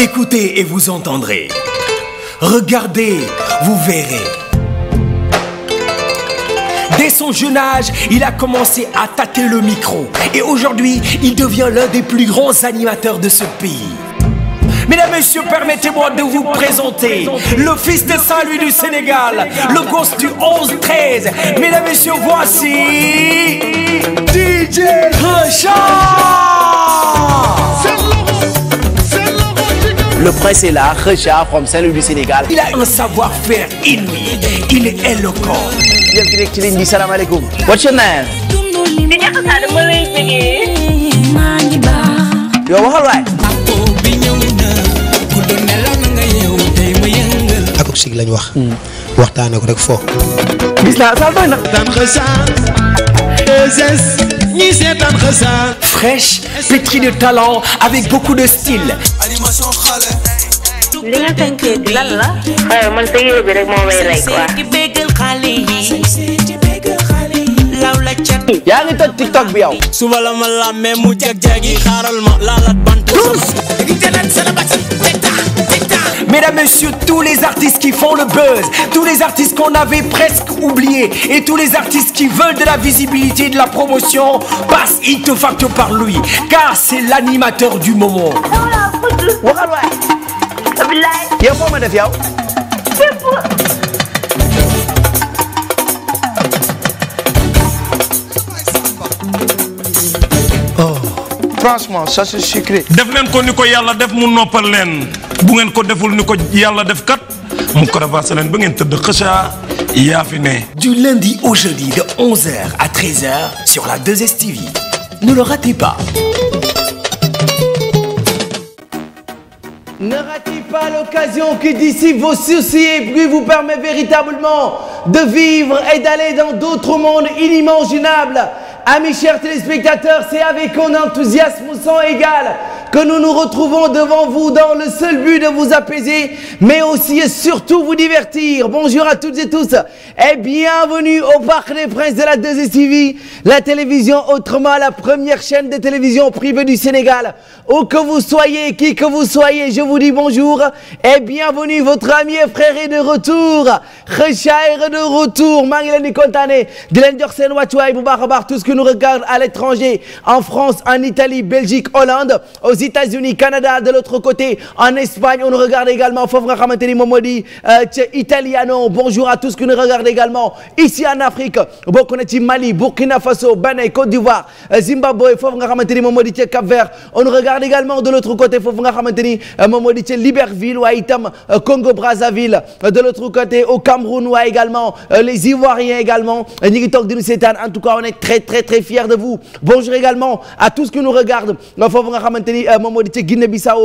Écoutez et vous entendrez. Regardez, vous verrez. Dès son jeune âge, il a commencé à tâter le micro et aujourd'hui, il devient l'un des plus grands animateurs de ce pays. Mesdames messieurs, permettez-moi de vous présenter le fils de Saint-Louis du Sénégal, le du Mesdames messieurs, voici Le prince est là, Richard from Saint-Louis Sénégal. Il a un savoir-faire inouï. Il est éloquent. jërëjëf ki nekk ci ligne bi salaamaaleykum. what's your name. di Ndiakhate Sall ma lay jógee. yow waxal waay. akub sig lañ wax. Hmm. waxtaanee ko rek foo. gis naa Sall doy de talent, avec beaucoup de style. li la. waaw man sa yére bi rek moo may rey quoi. yaa ngi toj tiktok bi la ma làmmee mu jag-jagi xaaral ma laalat bant. Mesdames, Messieurs, tous les artistes qui font le buzz, tous les artistes qu'on avait presque oubliés et tous les artistes qui veulent de la visibilité et de la promotion passent ipso facto par lui, car c'est l'animateur du moment. bilaay. yow moo ma def oh, def leen ko ni ko yàlla def mu noppal leen bu ngeen ko deful ni ko yàlla def kat mu cravaché leen ba ngeen tëdd xëcaa yaa fi ne. du lundi au jeudi de 11 à 13 sur la 2STV. Ne le ratez pas. Ne ratez pas l'occasion qui dissipe vos soucis et puis vous permet véritablement de vivre et d'aller dans d'autres mondes inimaginables. Amis chers téléspectateurs, c'est avec un enthousiasme sans égal que nous nous retrouvons devant vous dans le seul but de vous apaiser, mais aussi et surtout vous divertir. Bonjour à toutes et tous et bienvenue au Parc des Princes de la 2STV, la télévision autrement la première chaîne de télévision privée du Sénégal. Où que vous soyez, qui que vous soyez, je vous dis bonjour et bienvenue. Votre ami et frère est de retour. Kheucha de retour. Maa ngi leen di kontaane di leen jox seen wàccuwaay bu baax a baax tout ce qui nous regarde à l'étranger, en France, États-Unis Canada de l'autre côté en Espagne on regarde également foofu nga xamante ni moom moo euh, ca Italiano bonjour à tous qui nous regardent également ici en Afrique bokk na Mali Burkina Faso Bénin Côte d'Ivoire euh, Zimbabwe foofu nga xamante ni Cap-Vert on regarde également de l'autre côté foofu nga xamante ni euh, moom moo di ca Congo Brazzaville de l'autre côté au Cameroun waaye également les Ivoiriens Euh, moom moo di ca Guinée Bissau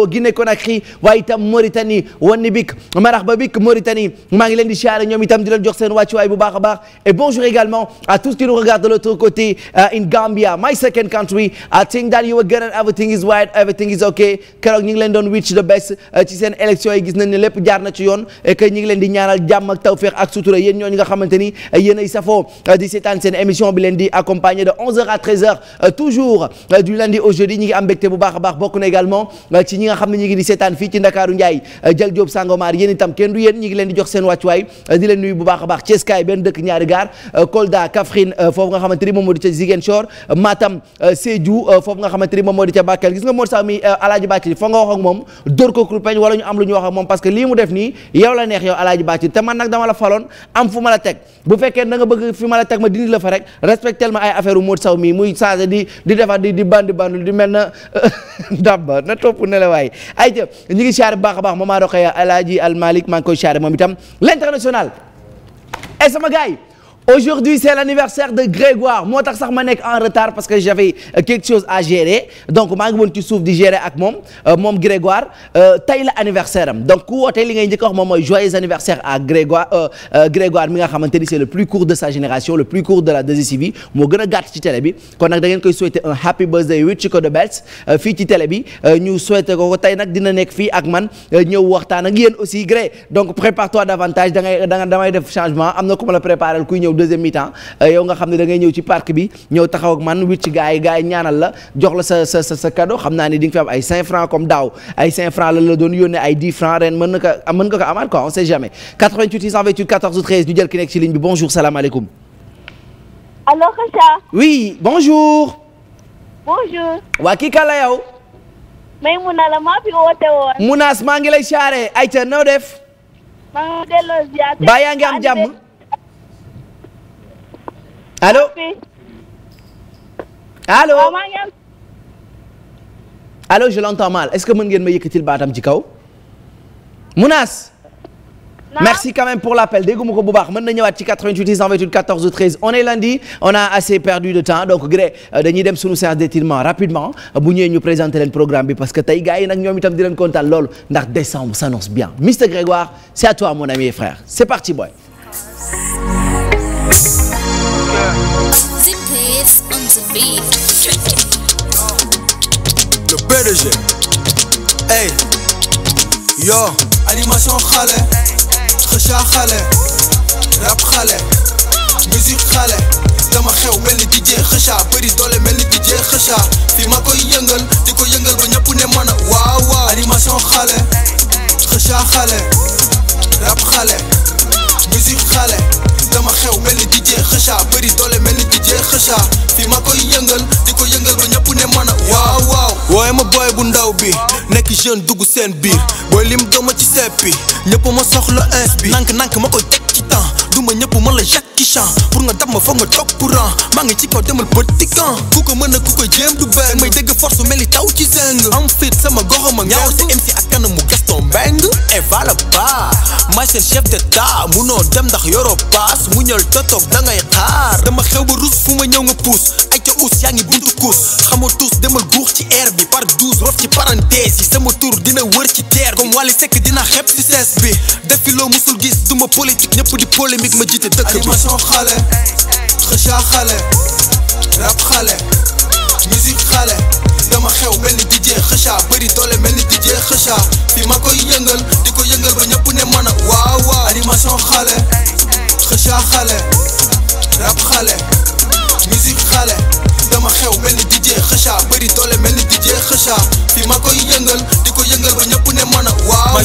waaye itam Mauritanie wanni bik marhaba bik Mauritanie maa ngi leen di siyaare ñoom itam di leen jox seen wàccuwaay bu baax baax et bonjour également à tous qui nous regardent de l'autre côté euh, in Gambia my second country I think that you are good and everything is right everything is okay keroog ñu ngi leen the best euh, ci élection yi gis nañ jaar na ci yoon et que ñu ngi ñaanal jàmm ak tawfeex ak sutura yéen ñooñu nga bokk euh, nga xam ne ñu ngi seetaan fii ci Ndakaaru Ndiaye euh, Jal Diop Sangomar yéen itam kenn du yéen ñi leen di jox seen wàccuwaay euh, di leen nuyu bu baax baax Thiès benn dëkk ñaari gaar Kolda Kaffrine foofu nga xamante moom moo di ca Ziguinchor Matam Sédhiou foofu nga xamante moom moo di ca Bakel gis nga Mor Sall mi Alaaji Bàcc foo nga wax moom dóor ko kurpeñ wala ñu am lu ñu wax moom parce que lii mu def nii yow la neex yow Alaaji Bàcc te damba na topp ne la waaye ay jë ñu ngi siyaare bu baax a baax mamaa roqee alaaji almalik maa ngi koy siyaare moom itam l'international ay sama gars yi aujourd'hui c'est l'anniversaire de Grégoire moo tax sax ma nekk en retard parce que j'avais euh, quelque chose à gérer donc maa ngi ci suuf di gérer ak moom euh, moom Grégoire euh, tey la anniversaire am donc ku wootee li ngay njëkk a wax moom mooy joyeux anniversaire à Grégoire Grégoire mi nga xamante ni c'est le plus court de sa génération le plus court de la 2STV moo gën a ci télé bi kon nag da ngeen koy souhaiter un happy birthday with Chico de Bells fii ci télé bi ñu souhaiter tey nag dina nekk fii ak man ñëw waxtaan ak yéen aussi Gré donc prépare-toi davantage da ngay da am na ku kuy ñëw deuxième mi-temps euh, yow nga xam ne da ngay ñëw ci parc bi ñëw taxaw ak man wicc gars yi gars yi ñaanal la jox la sa sa sa cadeau xam naa ni di nga am ay 5 francs comme daaw ay 5 francs la la doon yónnee ay 10 francs ren mën na ko mën nga ko amaat quoi on sait jamais 88 628 14 13 ñu jël ki nekk ci ligne bi bonjour salaamaaleykum. allo Kheucha. oui bonjour. waa kii kan la yow. Maymuna la maa ngi lay siyaare ay noo def. maa ngi delloo ziar. baa yaa ngi am jàmm. allo allo allo je l'entends mal est-ce que mën ngeen ma yëkkatil baatam ci kaw Mounas merci quand même pour l'appel dégguma ko bu baax mën na ñëwaat ci 88 628 14 ou 13 on est lundi on a assez perdu de temps donc gré euh, dañuy dem suñu séance d'étirement rapidement euh, bu ñëwee ñu présenter leen programme bi parce que tey gars yi nag ñoom itam di leen décembre s'annonce bien Mister Grégoire c'est à toi mon ami et frère c'est parti boy Zip plays on the beat. xale. Xacha xale. Rap xale. Musique xale. dama xew mel ni DJ Xacha bëri doole mel ni DJ Xacha fi ma ko yëngal di ko yëngal ba ñëpp ne mën a waaw xale. Xacha xale. Rap xale. Musique xale. dama xew mel ni DJ Kheucha bëri doole mel ni DJ Kheucha fi ma koy yëngal di ko yëngal ba ñëpp ne mën waaw waaw wooye ma booy bu ndaw bi nekk jeune dugg seen biir booy lim dooma ci seppi ñëpp ma soxla ins bi nank nank ma ko teg temps duma ñëpp man la Jackie Chan pour nga dab ma foog nga toog courant maa ngi ci kaw demal bëtti kan ku ko mën a ku ko jéem du benn may dégg force mel ni taw ci seng am fit sama gox ma ñaaw si MC ak kanamu Gaston Mbengue et voilà ba maay seen chef d'état munoo dem ndax yoroo paas mu ñëw totoog da ngay xaar dama xew ba rus fu ma ñëw nga puus ay ca uus yaa ngi buntu kuus xamoo tuus demal guux ci air bi par douze rof ci parenthèse yi sama tur dina wër ci terre sekk dina xepp ci sees bi def fi loo musul gis duma politique ñëpp di polémique ma jiite dëkk bi animation xale xëcca xale rap xale musique xale dama xew mel ni DJ xëcca bëri doole mel ni DJ xëcca fi ma koy yëngal di ko yëngal ba ñëpp ne man ak waaw waaw animation xale xëcca xale rap xale musique xale dama xew mel ni DJ xëcca bëri doole mel ni DJ xëcca fi ma koy yëngal di ko yëngal ba ñëpp ne man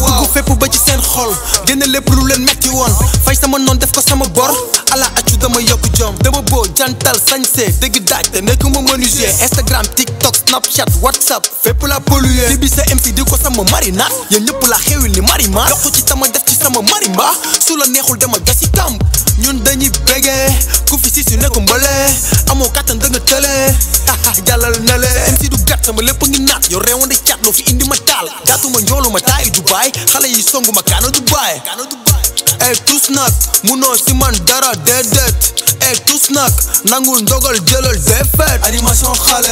my fépp ba ci seen xol génne lépp lu leen metti woon fay sama noon def ko sama bor ala accu dama yokk jom dama boo jantal sañse dëgg daaj te nekk ma menuisier Instagram TikTok Snapchat WhatsApp fépp la polluer di bi sa MC di ko sama marinade yéen ñëpp la xewil ni marima yokk ci tama def ci sama marimba su la neexul dama gasi kamb ñun dañuy bégee ku fi si si nekk mbële amoo kattan da nga jàllal na le MC du lépp ngi naat yow réewoon di cat loo fi indi ma taal jaatuma njoolu ma xale yi songu ma kaana Dubaay ey tus nag si man dara déedéet ey tus nag nangul ndogal jëlal défaite animation xale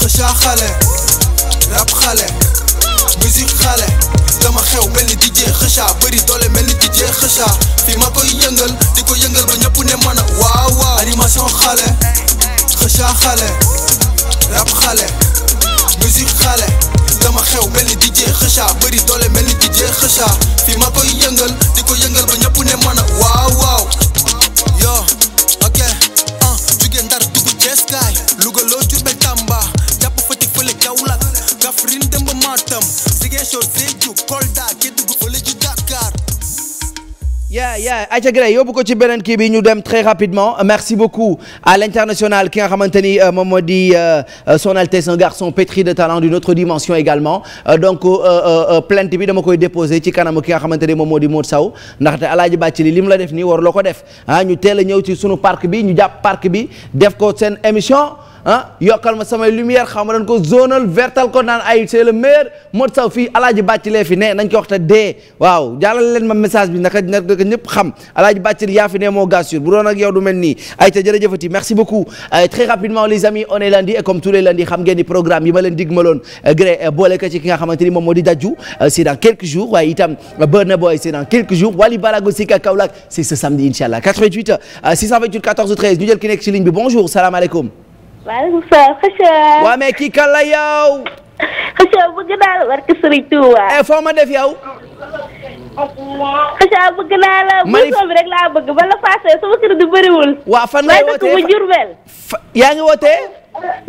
xëca xale rap xale musique xale dama xew mel ni DJ xëca bëri doole mel ni DJ xëca fi ma koy yëngal di ko yëngal ba ñëpp ne man a waaw xale xëca xale rap xale musique xale dama xew mel ni DJ Kheucha bëri doole mel ni DJ Kheucha fi ma koy yëngal di ko yaa yaa yóbbu ko ci beneen kii bi ñu dem très rapidement merci beaucoup à l'international ki nga xamante ni euh, moom moo di euh, euh, son altesse un garçon pétri de talent d'une autre dimension également donc plainte bi dama koy déposé ci kanam ki nga xamante ni moom moo di Modou Sow ndaxte Alaaji Bàccili li mu la def nii waruloo ko def ah ñu teel a ñëw ci sunu parc bi ñu jàpp parc bi def ko seen émission ah yokkal ma samay lumière xaw ma dañ ko zonal vertal ko naan ay c'est le meilleur Modou Sow fii alaaji bàccilee fi ne nañ ko wax dee waaw jàllale leen ma message bi naka naka ñëpp xam alaaji bàccil yaa ne moo gas sur bu doon ak du mel nii ay ta jërëjëfati merci beaucoup euh, très rapidement les amis on est lundi comme tous les lundis xam programme yi ma leen digmaloon euh, gré euh, boole ko ci ki nga xamante moom moo di dajju c'est dans quelques jours waaye itam Burna Boy c'est dans quelques nekk ci ligne bi bonjour maaleykum waa mais kii kan la yow. Kheucha bëgg naa la barke Serigne Touba. eh foo ma def yow. Kheucha bëgg naa la. mari bi rek laa bëgg ba la passé sama kër du bëriwul. waa fan ngay wootee waaye dëkk bu Diourbel. yaa ngi wootee.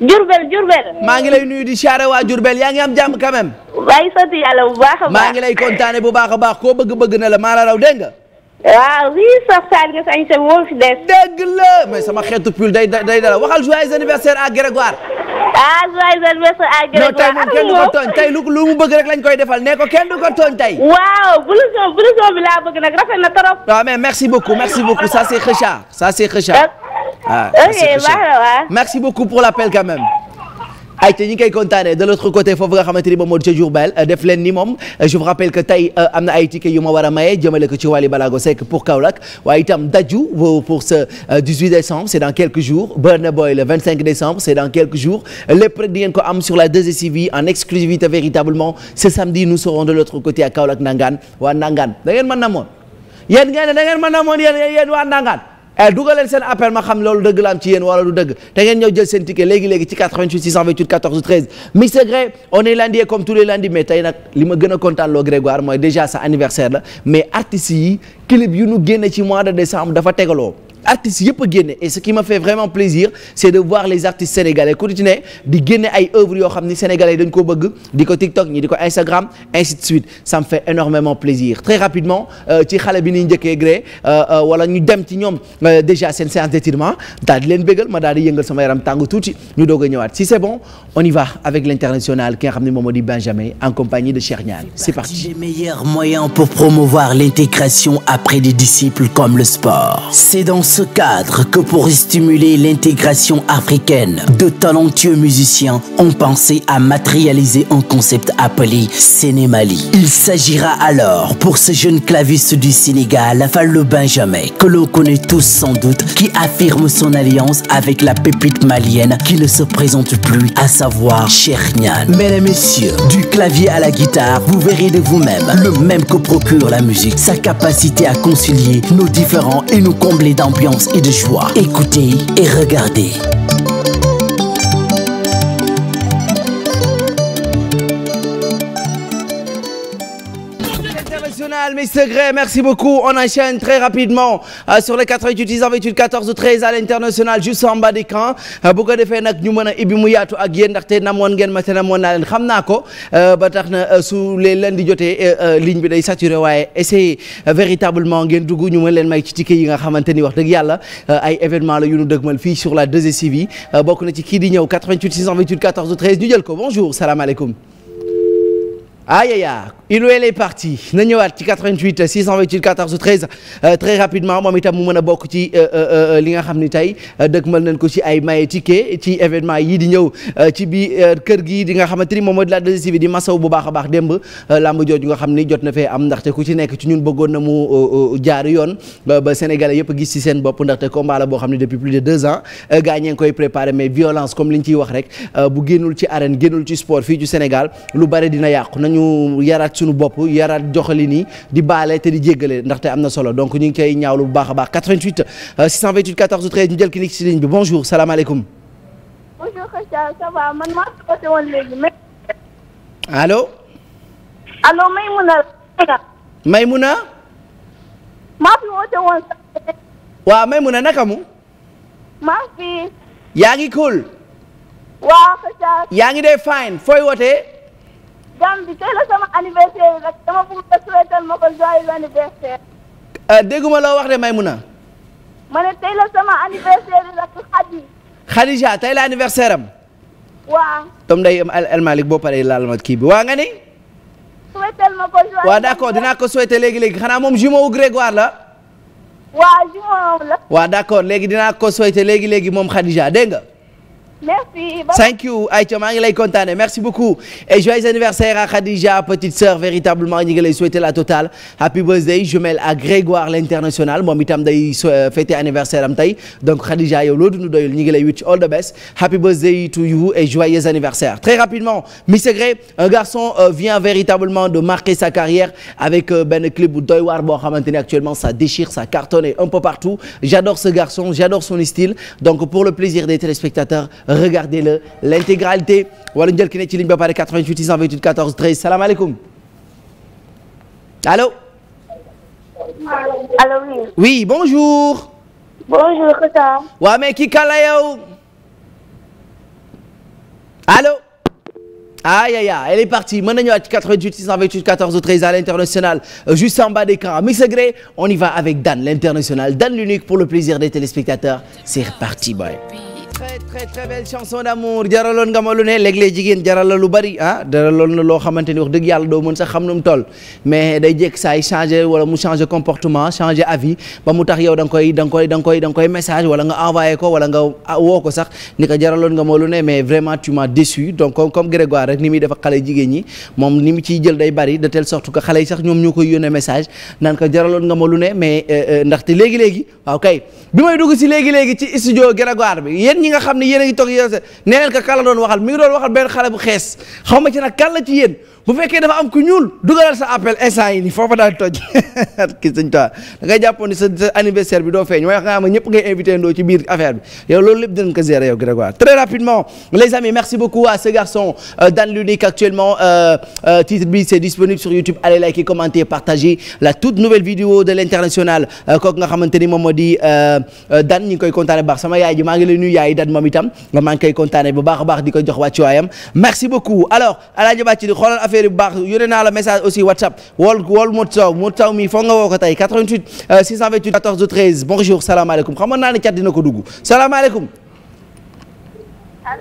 Diourbel Diourbel. maa ngi lay nuyu di siyaare waa Diourbel yaa ngi am jàmm quand même. maa ngi sant yàlla bu baax a baax maa ngi bu baax a baax koo bëgg bëgg na la maa la raw dégg waaw ah oui Soxna Saliou Sagnse moo fi des. dégg la mais sama xeetu pull day day dara waxal joyeux anniversaire à Grégoire. ah joyeux anniversaire à Grégoire. non tey moom kenn du ko tooñ tey lu lu mu bëgg rek lañ koy defal nee ko kenn du ko tooñ tey. waaw blouson blouson bi laa bëgg nag rafet na trop. waaw ah, mais merci beaucoup merci beaucoup ça c'est Kheucha ça c'est Kheucha. Euh, ah ok baax na waaw. merci beaucoup pour l'appel quand même. ayca ñi ngi koy kontaane de l'autre côté foofu nga xamante ni moom moo di ca Diourbel euh, def leen ni moom euh, je euh, a maye décembre c'est dans quelques jours Burna Boy le décembre c'est dans quelques jours lépp rek di ngeen sur la 2STV en exclusivité véritablement ce samedi nous serons de l'autre côté à Kaolack Nangaan waa Nangaan da ngeen mën na moon Eh, dugal leen seen appel xam loolu dëgg la am ci yéen wala du dëgg te ngeen ñëw jël seen ticket léegi léegi ci 88 628 14 13 Mister Gré on est lundi et comme tous les lundis mais tey nag li ma gën kontaan loo Grégoire mooy déjà sa anniversaire la mais artistes yi clip yu nu génne ci mois de décembre dafa tegaloo. artistes yëpp a génne et ce qui m'a fait vraiment plaisir c'est de voir les artistes sénégalais ku ci ne di génne ay œuvres yoo xam ni sénégalais dañ ko bëgg Instagram ainsi de suite ça me fait énormément plaisir très rapidement euh, ci xale bi ni njëkkee euh, euh, wala ñu dem ci ñoom déjà seen séance d'étirement daal di bégal ma daal di yëngal sama yaram tàng y va avec l'international ki nga xam ne moom moo di Benjamin en compagnie de Cheikh Niane c'est parti. les meilleurs moyens pour promouvoir l'intégration après des disciples comme le sport ce cadre que pour stimuler l'intégration africaine, de talentueux musiciens ont pensé à matérialiser un concept appelé Sénémali. Il s'agira alors pour ce jeune claviste du Sénégal, Fallou Benjamin, que l'on connaît tous sans doute, qui affirme son alliance avec la pépite malienne qui ne se présente plus, à savoir Chernian. Mesdames et messieurs, du clavier à la guitare, vous verrez de vous-même le même que procure la musique, sa capacité à concilier nos d'ambiance et de joie. Écoutez et regardez. journal Miss Degré merci beaucoup on enchaîne très rapidement euh, sur les 88 628 14 13 à l'international en bas des euh, defee nag ñu mën a ibbi mu yaatu ak yéen ndaxte namoon ngeen ma te namoon naa leen xam naa ko euh, ba tax na su leen leen di jotee ligne bi day saturé waaye essayez véritablement ngeen dugg ñu mën leen may ci ticket yi nga xamante ni wax dëgg yàlla ay événement la yu ñu dëgmal fii sur la 2 bokk na ci kii di ñëw 88 628 14 13 ñu jël ko bonjour salaamaaleykum ayaya Iloel est parti na ñëwaat ci 88 628 14 13 très rapidement moom itam mu mën a bokk ci euh, euh, euh, li nga xam ni tey mën nañ ko ci ay maye ticket ci événement yii di ñëw ci bi kër gi di nga xamante ni moom mooy la 2STV di masaw bu baax a baax démb làmb jooju nga xam ni jot na fee am ndaxte ku ci nekk ci ñun bëggoon na mu jaar yoon ba Sénégalais yëpp gis ci seen bopp ndaxte combat la boo xam ne depuis plus de deux ans gars ñee ngi koy préparé mais violence comme li ñu ciy wax rek bu ci arène génnul ci sport fii ci Sénégal lu dina yàqu nañu yaraat sunu bopp yara joxali nii di baale te di jéggale ndaxte am na solo donc ñu ngi koy ñaawlu bu baax a baax 88 628 14 13 ñu jël ki nekk ci ligne bi bonjour salaamaaleykum. bonjour Kheucha ça va man maa ngi woote woon léegi mais. allo. allo Maymuna. Maymuna. maa fi woote woon. waaw Maymuna mu. maa fi. yaa ngi cool. waaw yaa ngi dee fine fooy wootee. Gambie tey la sama anniversaire rek dama bëgg nga souhaital ma euh, wax de Maymuna. ma ne tey la sama anniversaire rek Khadija tey la anniversaire tom day am El Malick boo paree laal ma kii bi waa nga ni. souhaital ma ko joyeux. waaw d'accord dinaa ko souhaiter léegi léegi xanaa moom jumeau Grégoire la. waaw jumeau la. waaw d'accord léegi dinaa ko souhaiter léegi léegi moom Khadija dégg merci thank you lay kontaane merci beaucoup et joyeux anniversaire à Khadija petite sœur véritablement ñu ngi lay souhaiter la totale happy birthday jumelle à Grégoire l'international moom itam day euh, fêter anniversaire am tey donc Khadija yow loo dund ñu ngi lay wish all the best happy birthday to you et joyeux anniversaire très rapidement Miss Gré un garçon euh, vient véritablement de marquer sa carrière avec euh, benn clip bu doy waar boo xamante ni actuellement ça déchire ça cartonne un peu partout j'adore regardez le l'intégralité wala njël ki ne ci ligne ba pare 88 628 14 13 salaamaaleykum allo. allo oui. oui bonjour. bonjour Kheucha. waaw kii kan la yow. allo. aïe aïe aïe elle est partie mën nañu waat ci 88 628 14 13 à l'international euh, juste très très très belle chanson d'amour jaraloon nga ma lu ne léeg-léeg jigéen jaral la lu bari ah jaraloon na loo xamante ni wax dëgg yàlla doo mën sax xam nu mu toll mais day jékk saa yi changé wala mu changé comportement changé avis ba mu tax yow da nga koy da koy da nga koy da nga koy message wala nga envoyé ko wala nga woo sax ni jaraloon nga ma lu ne mais vraiment tu m'as donc comme comme rek ni muy def xale jigéen ñi moom ni mu ciy jël day bari de telle sorte que ñi nga xam ne yéen a ngi toog yéen nee leen ko kan la doon waxal mi ngi doon waxal benn xale bu xees xaw ma ci nag kan la ci yéen bu fekkee dafa am ku ñuul dugalal sa appel instant yi nii foofa daal toj ki sëñ Tuubaa da ngay jàppoon ni sa sa anniversaire bi doo feeñ waaye xam nga ñëpp ngay invité ndoo ci biir affaire bi yow loolu lépp dinañ ko gérer yow Grégoire très rapidement les amis merci beaucoup à ce garçon euh, dans l'unique actuellement euh, euh, titre bi c'est disponible sur YouTube allez liker commenter partager la toute nouvelle vidéo de l'international kooku nga xamante ni di Dan ñu koy maa ngi lay nuyu yaay Dan moom itam maa ngi koy kontaane affaire yu baax yónnee naa la message aussi whatsapp wool wool Modou Sow Modou Sow mi foog nga woo ko tey 88 628 14 13 bonjour salaamaaleykum xamoon naa ne cat dina ko dugg salaamaaleykum.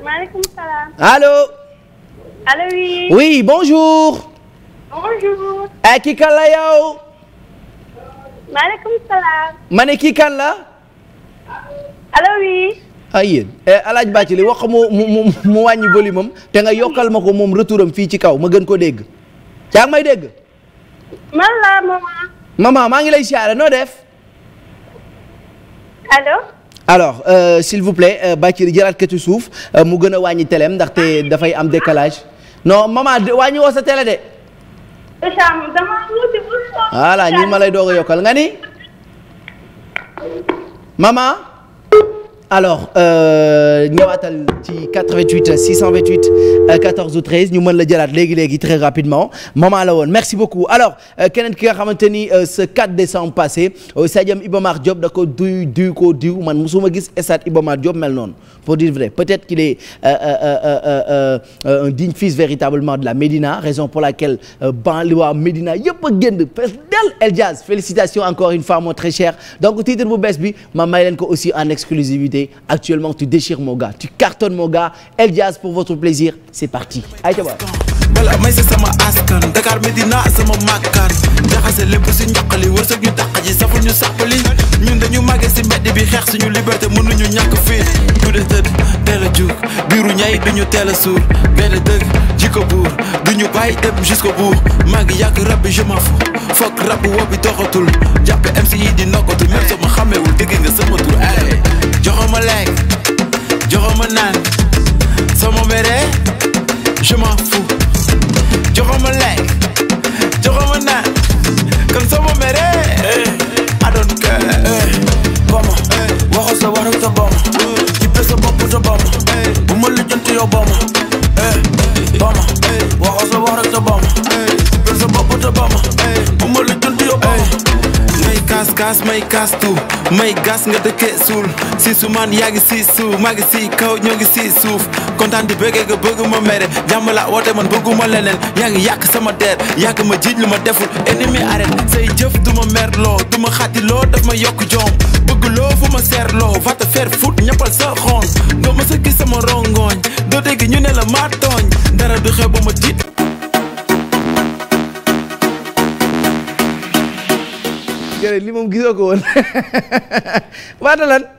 maaleykum salaam. allo. allo oui. oui bonjour. bonjour. ay eh, kii kan la yow. maaleykum salaam. ma ne kii la. allo oui. ay ah, yéen alaaj bàcc li wax mu mu mu wàññi volume am te nga yokkal ma ko moom retouram fii ci kaw ma gën ko dégg yaa may dégg mama maa ngi lay siyaare noo def allo alors euh, s'il vous plaît euh, ci suuf euh, mu gën a wàññi teleem ndaxte dafay am décalage noo mama wàññi woo sa télé de voilà ma lay doog a yokkal nga ni mama alors euh, ñëwaatal ci 88 628 14 ou 13 ñu mën la jalaat léegi léegi très rapidement moment la woon merci beaucoup alors euh, keneen ki nga xamante ni euh, ce 4 décembre passé stadium Iba Mar Diop da ko duy ko diw man musuma gis stade Iba Mar Diop mel noonu pour dire vrai peut-être qu'il est un digne fils véritablement de la Médina raison pour laquelle banlieue Médina yëpp a génn presque del El Diaz encore une fois très cher donc titre bu bees bi ma may leen ko aussi en exclusivité activité actuellement tu déchires mon gars tu cartonnes mon gars El Jazz pour votre plaisir c'est parti ayca ba bala may sa sama askan Dakar Medina sama makkan jaxase lépp si ñaqali wërsëg ñu dàq ji saful ñu sàppali ñun dañu màggee si mbedd bi xeex suñu liberté mënuñu ñàkk fii du de tëdd teel a jug biiru ñay duñu teel a suur benn dëgg jikko buur duñu bàyyi dem jusqu'au bout maa ngi yàgg rab bi je m'en fous fokk rab woo bi doxatul jàpp MC yi di nokkatu même soo ma xàmmewul dégg nga sama tur ay joxo ma lekk joxo ma naan soo ma meree je m'en fous joxo ma lekk joxo ma naan kon soo ma meree bama waxal sa wax rek sa bama jippe sa bopp sa bama bu ma lijjanti yow bama bama waxal sa wax rek sa bama jippe sa bopp sa bama kaas kaas may kaas tu may gas nga dëkke suul si su man yaa ngi si suuf maa ngi si kaw ñoo ngi si suuf kontaan di bëggee nga bëggu ma mere jàmm la woote man bëgguma leneen yaa ngi yàq sama der yàq ma jiiñ lu ma deful ennemi arrête say jëf du ma merloo du ma xaati loo daf ma yokk joom bëgg fu ma seerloo va te faire foot sa xoon doo ma sa gis sama rongoñ doo dégg ñu ne la maa tooñ dara du xew ba ma tiit jërëjëf li moom gisoo ko woon waata lan la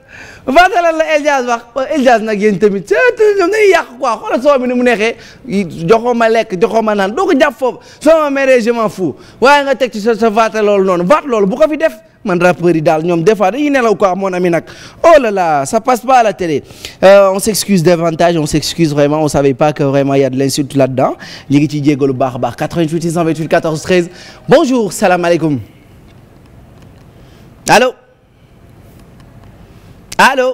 El Hadj wax El Hadj nag yéen tamit ca ñoom dañuy yàq quoi xoolal soo mi ni mu nekkee joxoo ma lekk joxoo ma naan doo ko jàpp foofu soo ma meree je m'en fous waaye nga teg sa sa waata loolu noonu waat loolu bu ko fi def. man rappeur yi daal ñoom des fois dañuy nelaw quoi mon ami nag oh là là passe pas la télé euh, on s'excuse davantage on s'excuse vraiment on savait pas que vraiment il a de l'insulte là-dedans ñu ngi ciy jéggalu baax a baax 88 628 14 13 bonjour salaamaaleykum allo allo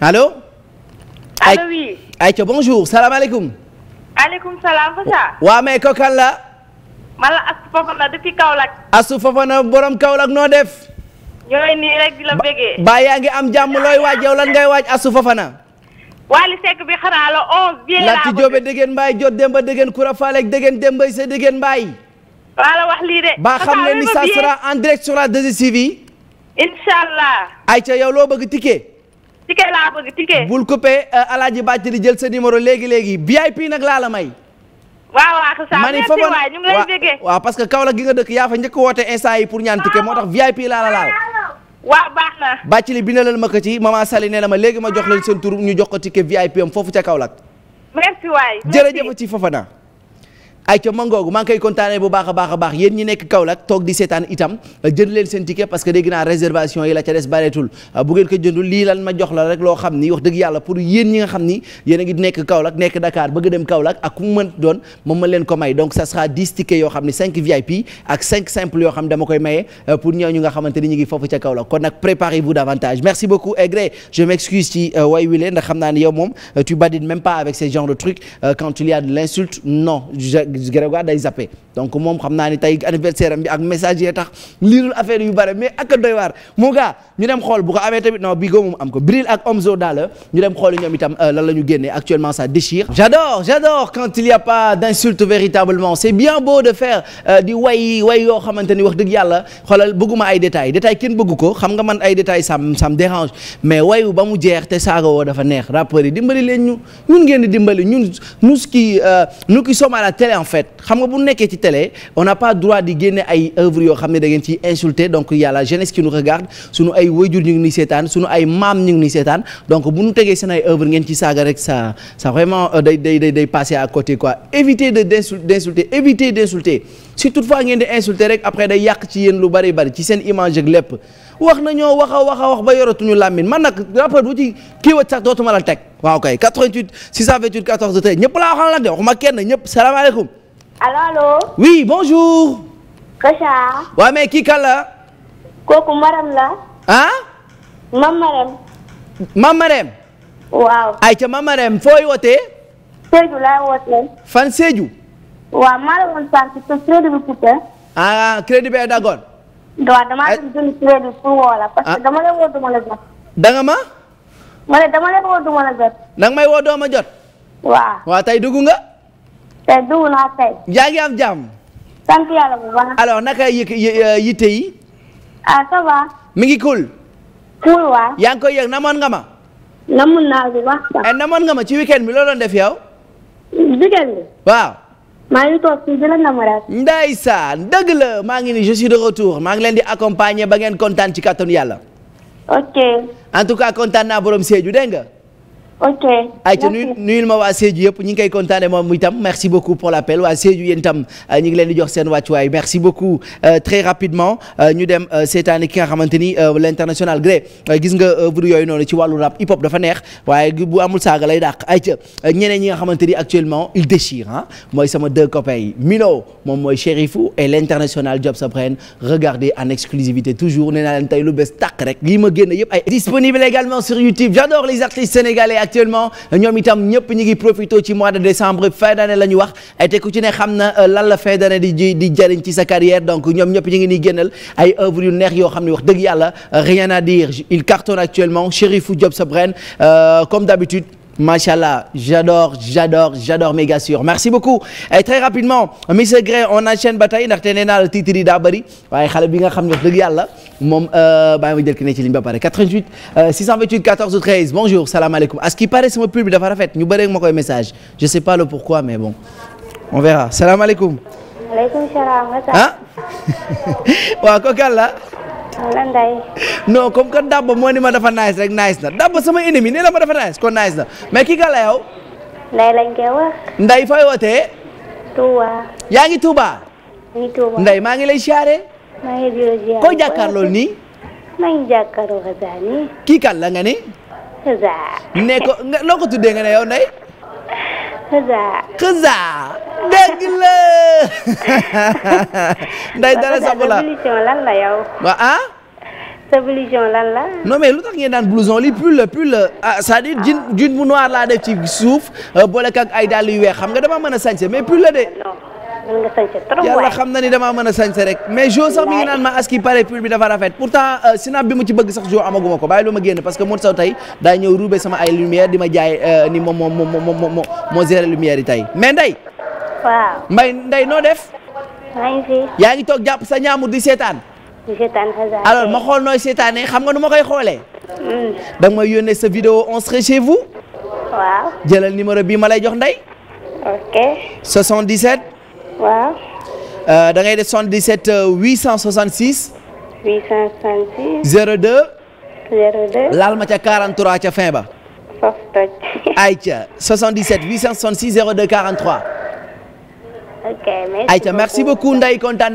allo. allo oui. ayca bonjour salaamaaleykum. maaleykum salaam Facha. waa mais ko kan la. man la Asou Fofana depuis Kaolack. Asou borom Kaolack noo def. ñooy nii la bëggee. ba yaa ngi am jàmm looy waaj yow lan ngay waaj Asou Fofana. Wally Seck bi xanaa la 11. bii laa ko Lati Diop dégg ngeen Mbaye Diop Demba dégg ngeen Koura Fall ak dégg ngeen Demba Sey maa la lii de. ba xam ne ni ça sera en direct sur la 2STV. incha allah. ayca yow loo bëgg ticket. ticket laa bëgg ticket. bul coupé euh, Alaaji Bàcc di jël sa numéro léegi léegi VIP nag laa la may. waaw waaw saa ñu ngi lay déggee waaw parce que Kaolack gi nga dëkk yaa njëkk woote instant yi pour ñaan ticket moo tax VIP laa la laal. waaw baax na. bàcc li bindalal ma ko ci maman Sali nee ma léegi ma jox leen seen tur ñu jox ko ticket VIP am foofu ca Kaolack. merci waay jërëjëf ci Fofana. ay ca mangoogu maa ngi koy kontaanee bu baax a baax a baax yéen ñi nekk Kaolack toog di seetaan itam euh, jënd leen seen ticket parce que dégg naa réservation yi la ca des bareetul euh, bu ngeen ko jëndul lii lan ma jox la rek loo xam ni wax dëgg yàlla pour yéen ñi nga xam ni yéen a ngi nekk Kaolack nekk Dakar bëgg dem Kaolack ak ku mu mën doon moom ma leen ko may donc ça sera 10 tickets yoo xam ne 5 VIP ak 5 simple yoo xam dama koy maye euh, pour ñooñu nga xamante ni ñu ngi foofu ca Kaolack kon nag préparez-vous davantage merci beaucoup Aigre je m'excuse ci way wile ndax xam naa ni yow moom tu badines même pas avec ce genre de truc quand il y a de l'insulte non Grégoire day zappé donc moom xam naa ni tey anniversaire am bi ak message yee tax liirul affaire yu bare mais ak doy waar gaa ñu dem xool bu amee tamit non bi go am ko Bril ak Omzo Dollar ñu dem xool ñoom itam euh, lan la ñu actuellement ça déchire j'adore j'adore quand il y a pas véritablement c'est bien beau de faire euh, di way way yoo xamante wax dëgg yàlla xoolal bëgguma ay détails détails kenn bëgg ko xam nga man ay en fait xam nga bu nekkee ci télé on n'a pas droit di génne ay œuvre yoo xam ne da ngeen ciy insulté donc y a la jeunesse qui nous regarde sunu ay wayjur ñu ngi nuy seetaan sunu ay maam ñu ngi nuy seetaan donc bu ñu tegee seen ay œuvre ngeen ci saaga rek ça ça vraiment euh, day day day day passer à côté quoi éviter de d'insulter éviter d'insulter si toutefois ngeen di insulter rek après day yàq ci yéen lu bari bari ci seen image ak lépp wax nañoo wax a wax ba yoratuñu làmmiñ man nag rapport bu ci kii wat sax dootuma la teg waaw kay 88 628 14 tey ñëpp laa waxoon la de waxuma kenn ñëpp salaamaaleykum. allo allo. bonjour. Kocha. waaw mais kii kan la. kooku Maram la. ah. Mam Marème. waaw. ayca Mam Marème fooy wootee. Sédhiou laa wootee. fan Sédhiou. waaw maa la woon sant te bi coupé. ah crédit bi est waaw damaa dem dama lay woo duma la jot. da ma. ma ne dama lay woo may woo doo ma jot. waaw waaw tey dugg nga. tey dugg naa tey. yaa ngi am jàmm. sant yàlla bu baax. alors naka yëg yitte yi. Ah, mi ngi cool. cool waaw. yaa ngi koy na namoon nga ma. namoon naa bu baax sax. Eh, namoon nga ma ci weekend bi loo doon def yow. weekend bi. maa ngi toog fii di la namaraat. ndeysaan dëgg la maa ngi ni je suis de retour maa ngi leen di accompagner ba ngeen kontaan ci kàttanu yàlla. ok. en tout cas kontaan naa borom ju dégg nga. ok ayca nuyu nuyul ma waa Sédhiou yëpp ñu ngi moom itam merci beaucoup pour l' appel waa Sédhiou yéen itam euh, ñu ngi leen di jox seen merci beaucoup euh, très rapidement euh, ñu dem seetaani ki nga xamante ni l' international gré gis nga vudu yooyu noonu ci wàllu rap hip hop dafa neex waaye bu amul saaga lay dàq ayca ñeneen ñi nga xamante ni actuellement il déchire ah mooy sama deux copains Mino moom mooy Chérifou et l' international Job Sapren regardez en exclusivité toujours nee actuellement ñoom itam ñëpp ñi ngi profité ci mois de décembre fin d'année la ñu wax te ku ci ne xam na euh, lan la fin d'année di di jëriñ ci sa carrière donc ñoom ñëpp ñi ngi nii génnal ay œuvre yu neex yoo xam ne wax dëgg yàlla rien à dire il cartonne actuellement Chérifou Diop Sabren euh, comme d'habitude Machallah, j'adore, j'adore, j'adore méga sûr. Merci beaucoup. Et très rapidement, monsieur Gray on enchaîne bataille ndaxte nee naa la titre yi daa bëri waaye xale bi nga xam ne dëgg yàlla moom euh, bàyyi ma jël ki ne ci ligne ba pare 88 628 14 13 bonjour salaamaaleykum à ce qui paraît sama pub bi dafa rafet ñu bëri ma koy message je sais pas le pourquoi mais bon on verra salaamaaleykum. waaleykum salaam. ah ko kan la. wala Ndeye. non comme que ma dafa nice rek nice na Daba sama ennemi nee na ma dafa nice kon nice na mais kii kan la yow. Ndeye lañ koy wax. Ndeye fooy wootee. Touba. yaa ngi Touba. yaa maa ngi lay siyaare. maa ngi lay kii kan la nga ni. Razali. ne ko nga noo nga ne yow Ndeye. xëzaa. xëzaa dégg la. nday dara sax la lan la yow. waaw ah. sa religion lan la. non mais lu tax ngeen daan blouson li pull la pull la ah cest dire ah. jean bu noir laa def ci suuf euh, boole ak ay dàll yu weex xam nga dama mën a sañse mais pull la de. mën nga xam na ni damaa mën a sañse rek mais jo sax mi ngi naan ma aski pare pul bi dafa rafet pourtant euh, sinap bi mu ci bëgg sax jo amaguma ko bàyyi lu ma génn parce que Modou Sow tey daa ñëw ruube sama ay lumière di ma jaay euh, ni moom moom moom moom moom moo géré lumière yi tey mais nday waaw mbay nday noo def yaa ngi toog jàpp sa ñaamur di seetaan di seetaan alors ma xool nooy seetaane xam nga nu ma koy xoolee hmm. da nga may yónnee sa vidéo on serait chez jëlal numéro bii ma lay jox nday ok 77 waaw. Euh, da ngay def 77 866. 866. 02. 02. laal ma ca 43 ca fin ba. foofu toj. ayca 77 866 02 43. ok merci beaucoup ayca merci beaucoup Ndeye kontaan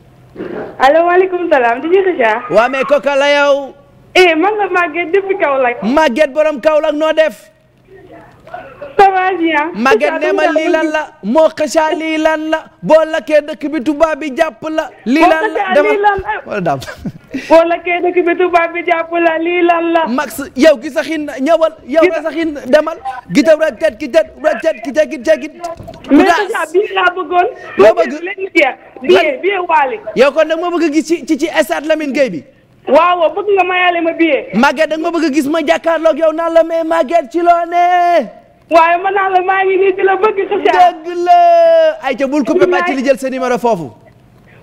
allo maaleykum salaam di Kheucha. waa mais kooka la yow. eh man la Maguette depuis Kaolack. Maguette borom Kaolack noo def. sama bien. Maguette ne ma lii lan la moo xëcaa lii lan la boo lakkee dëkk bi tubaab bi jàpp la. lii lan la dama wala daam. boo lakkee dëkk bi tubaab bi jàpp la lii lan la. Max yow gi sax in ñëwal yow gi sax in demal. gitaw ra tet ki tet ra tet ki tegit tegit. mais sax bii laa bëggoon. loo bëgg billet billet waali. yow kon nag ma bëgg gis ci ci ci stade Lamine Gueye bi. waaw bëgg nga ma yàlla ma billet. Maguette da nga ma bëgg gis ma jàkkaarloog yow naan la mais Maguette ci loo nee. waaye mën naa la maa ngi nii di bëgg. xasaar dëgg la ayca bul coupé bàcc li jël sa numéro foofu.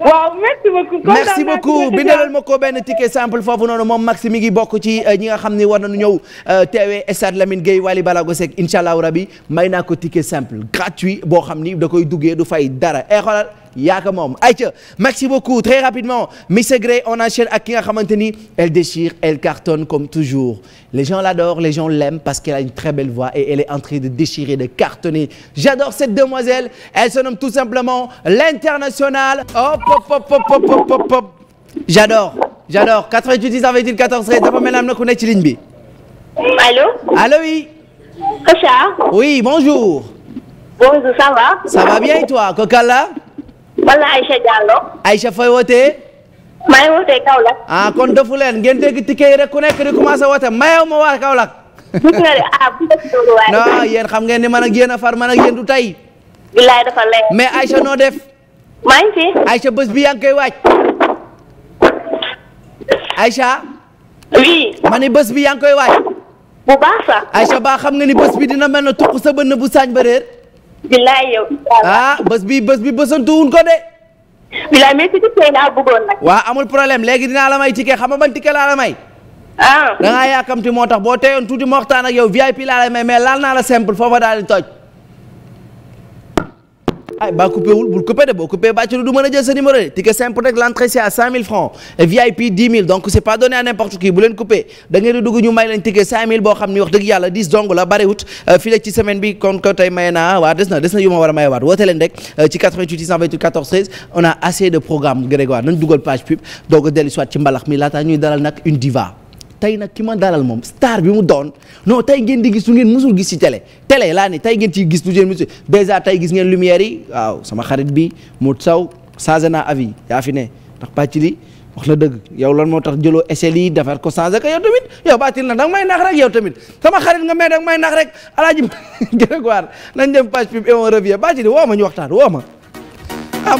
waaw merci beaucoup. merci beaucoup bindalal ma ko benn ticket simple foofu noonu moom Maxi mi ngi bokk ci euh, ñi nga xam ni war nu ñëw euh, teewee stade Lamine Gueye Waly Balago Seck incha allah rabi may naa ko ticket simple gratuit boo xam ni da koy duggee du fay dara e xoolal. yaa ko moom ayca merci beaucoup très rapidement Miss Grey on enchaîne ak ki nga xamante ni elle déchire elle cartonne comme toujours les gens l'adorent les gens l'aiment parce qu'elle a une très belle voix et elle est en train de déchirer de cartonner j'adore cette demoiselle elle se nomme tout simplement l'internationale j'adore j'adore 88 10 28 14 13 dafa mel am na ku nekk ci ligne bi oui bonjour bonjour ça va bien toi Kokala man la Aïcha Diallo. Aïcha fooy wootee. maa ngi wootee Kaolack. ah kon defu leen ngeen dégg rek ku nekk di commencé woote mayew ma waa Kaolack. gis nga de ah bu non man ak yéen a far man ak yéen du tey. billaay dafa lay. mais Aïcha noo def. maa ngi fi. Aïcha bés bi yaa koy waaj. Aïcha. oui. ma ni bés bi yaa ngi koy waaj. bu baax sax. Aïcha xam nga ni bés bi dina mel ne tuq sa bënn bu saañ ba réer. billaay yow. ah bés bi bés bi bésantuwun ko de. billaay mais si ticket laa bëggoon nag. waaw amul problème léegi dinaa la may ticket xam nga ban ticket laa la may. ah. da ngaa yàkkamti moo tax boo teyoon tuuti ma waxtaan ak yow VIP laa lay may mais laal naa la simple foofa daal di toj. ah baa coupé wul bul coupé de boo coupé bàccilu du mën a jël sa numéro simple rek l'entrée à 5000 francs et VIP donc c'est pas donné à n'importe qui bu leen coupé da ngeen di may leen ticket 5000 boo xam ni wax dëgg yàlla 10 dong la bariwut euh, fii la ci semaine bi kon ko tey maye naa waaw na des na yu ma war a maye waat woote euh, ci 88 a assez de programme Grégoire nañ dugal page pub doog a soit ci mbalax mi laataa tey nag ki ma dalal moom star bi mu doon non tey ngeen di gis lu ngeen musul gis ci télé télé laa ne tey ngeen ciy gis lu ngeen musul dèjà tey gis ngeen lumière waaw sama xarit bi mu saw changé naa avis yaa fi ne ndax pàcc di wax na dëgg yow lan moo tax jëloo essai yi defar ko changé ko yow tamit yow bàcc na danga may nax rek yow tamit sama xarit nga mais danga may nax rek alaaji Grégoire nañ dem page pub et on revient bàcc li woo ma ñu waxtaan woo ma ah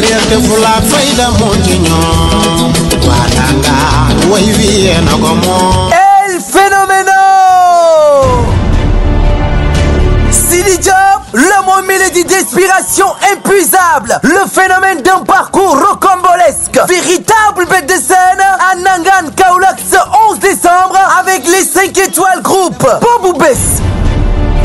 réer te fulaak fayda moo ci ñoom waa Dakar way wi yee na ko moom el phénoméno Sidi Diop le mot mélodie d'inspiration impuisable le phénomène d'un parcours rocambolesque véritable bête de scène à Nangan Kaolack ce 11 décembre avec les 5 étoiles groupe Bambou Bess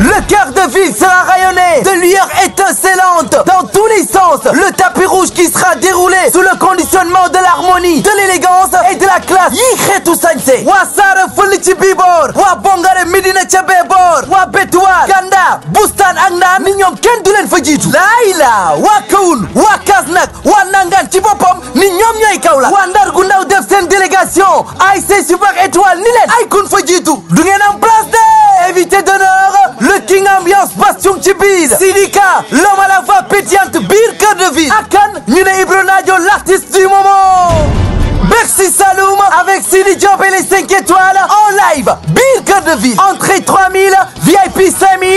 Le quart de ville sera rayonné de lueurs étincelantes dans tous les sens. Le tapis rouge qui sera déroulé sous le conditionnement de l'harmonie, de l'élégance et de la classe yi xeetu sañse. waa Saara fële ci Bongare Medina ca bee boor Ganda Bustaan ak Ndaan ni ñoom kenn du leen fa jiitu. laayla waa Kawul waa Kasnak waa Nangaan ci boppam ni ñoom ñooy Kaolack waa Ndar gu ndaw def seen délégation ay c'est super étoile ni leen ay kun fa jiitu du ngeen am ambiance bas cung ci biir Sidika l'homme à la voix pétillante de ville ak kan ne Ibro Ladio l'artiste du moment Bercy Saloum avec Sidi Diop et les 5 étoiles en live biir cœur de ville entrée 3000 VIP 5000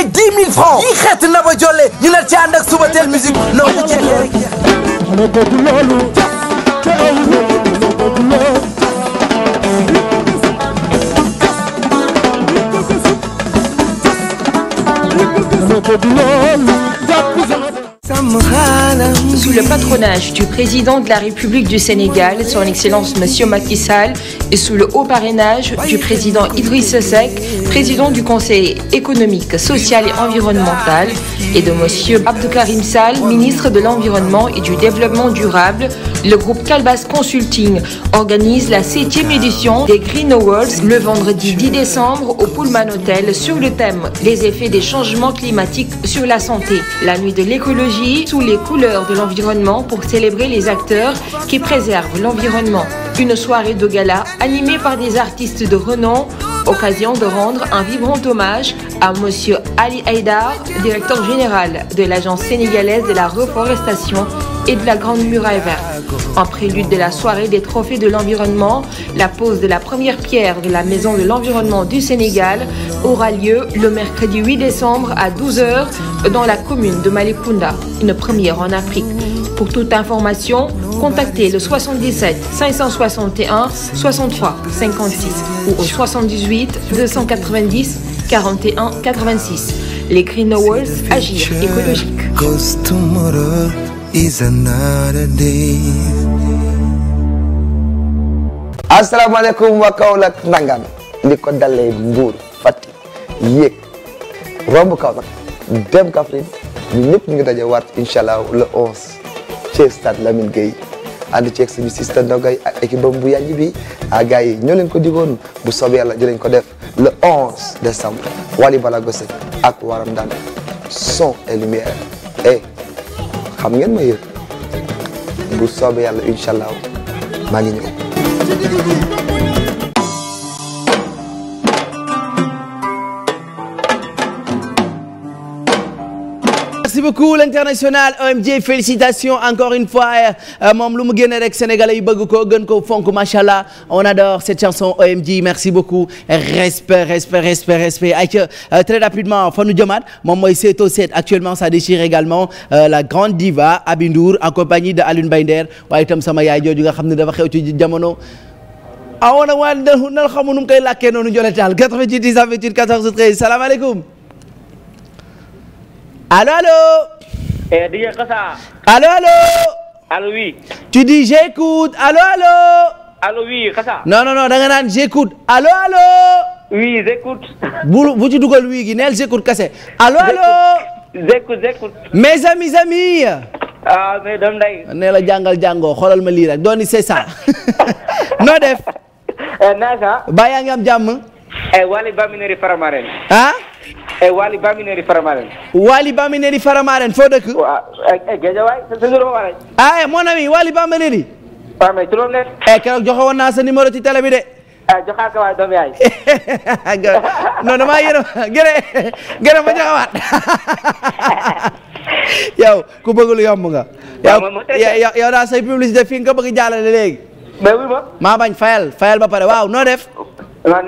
et 10 000 francs yi xeet na ba jolle ñu ne ci ànd ak Subatel musique no le patronage du président de la République du Sénégal, son Excellence Monsieur Macky Sall, et sous le haut parrainage du président Idriss Seck, président du Conseil économique, social et environnemental, et de M. Abdoukarim Sall, ministre de l'Environnement et du Développement durable, le groupe Calbas Consulting organise la 7e édition des Green Awards le vendredi 10 décembre au Pullman Hotel sur le thème Les effets des changements climatiques sur la santé. La nuit de l'écologie sous les couleurs de l'environnement pour célébrer les acteurs Une soirée de gala animée par des artistes de renom, occasion de rendre un vibrant hommage à Monsieur Ali Haïdar, directeur général de l'Agence sénégalaise de la reforestation et de la Grande Muraille Verte. En prélude de la soirée des trophées de l'environnement, la pose de la première pierre de la Maison de l'environnement du Sénégal aura lieu le mercredi décembre à 12h dans la commune de Malekunda, une première en Afrique. Pour toute information, contactez le 77 561 63 56 ou au 78 290 41 86. Les Green Awards Agir écologique. asalaamaaleykum waa Kaolack Ndangaan li ko dalee Mbour Fatick yéeg romb Kaolack dem Kaffrine ñun ñëpp ñu ngi daje waat incha allah le 11 ci stade Lamine Gueye. ànd ci suñu système Ndogay ak équipe bam bu yànji bi ah gars yi ñoo leen ko digoon bu soobee yàlla dinañ ko def le 11 décembre Wally Ballago Seck ak Waram Daan son et lumière et eh, xam ngeen ma yëg bu soobee yàlla incha allah maa ngi beaucoup l'international OMG félicitations encore une fois eh, eh, moom lu mu génne rek sénégalais yi bëgg ko gën ko fonk machallah on adore cette chanson OMG merci beaucoup respect respect respect respect ayca eh, très rapidement fa nu jëmaat moom mooy Seeto Seet actuellement ça déchire également la grande diva Aby Ndour compagnie de Alioune Mbaye Nder waaye Allô, allô Eh, DJ Kheucha. Allô, allô Allô, oui. Tu dis j'écoute. Allô, allô Allô, oui, Kheucha. Non, non, non, da naan j'écoute. Allô, allô Oui, j'écoute. Bu bu ci dugal wii gi neel j'écoute kese. Allô, allô J'écoute, Mes amis, amis. Ah, mais doom day. Ne la jàngal jàngoo xoolal ma lii rek dooni c'est ça. Noo def. Eh, ba yaa ngi am jàmm. Eh, wali ba mi eeyi waali bamineri faramaren waali dëkk eh, eh, guédiawaay ah, eh, sa numéro waray ah e mon ami waali bamineri pamay tuloon leen ci télé bi de ah joxaat ko waay doom yaay. non damaa ku bëgg lu yomb nga. yow yow daa say publicité fi nga bëgg jàllale léegi. maa bañ fayal fayal ba pare waaw noo def. non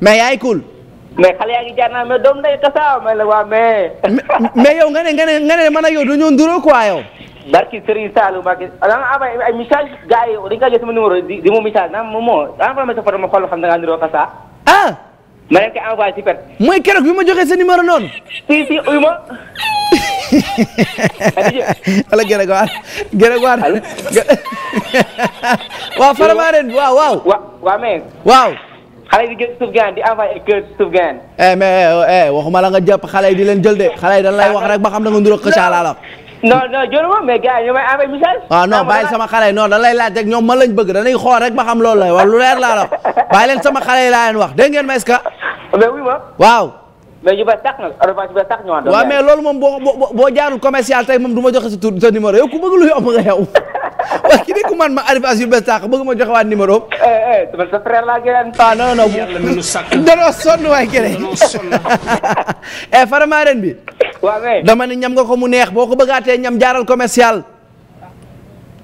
mais yaay mais xale yaa ngi jaar naa mais doom day tasa ma la waa mais. mais yow nga ne nga ne nga ne man ak yow dañoo nduroo quoi yow. barki Serigne Saliou Mbacké danga envoyé ay message gars yi dañu di di mu message naan moom moo envoyé ma sa photo ma xool xam da ngaa niroo kasa. ah. ma leen koy envoyé si pet. mooy keroog bi ma joxee sa numéro noonu. si xale di gën suuf gaan di eh, eh, eh, nga jàpp xale yi leen jël de xale yi dañ lay wax rek ba xam da nga ndur ak xëcaa laa la. non ma mais gars yi ñoo ah, sama xale yi non lay laaj ñoom man lañ bëgg dañuy xool rek ba xam loolu lay wax lu leer laa leen sama xale yi laa wax dégg ngeen ma est-ce que. mais oui ma. waaw. mais yu ba na revanche loolu moom boo boo jaarul commercial tey moom du ma joxe sa tur sa bëgg lu yomb nga yow waaw ki nekk man ma Arif Assur bes tàq bëgg ma joxe waat numéro am. Eh, eh, sa frère laa gën ah non non. yàlla eh, bi. waaw dama ne ñam nga ko mu neex boo ko bëggaatee ñam jaaral commercial.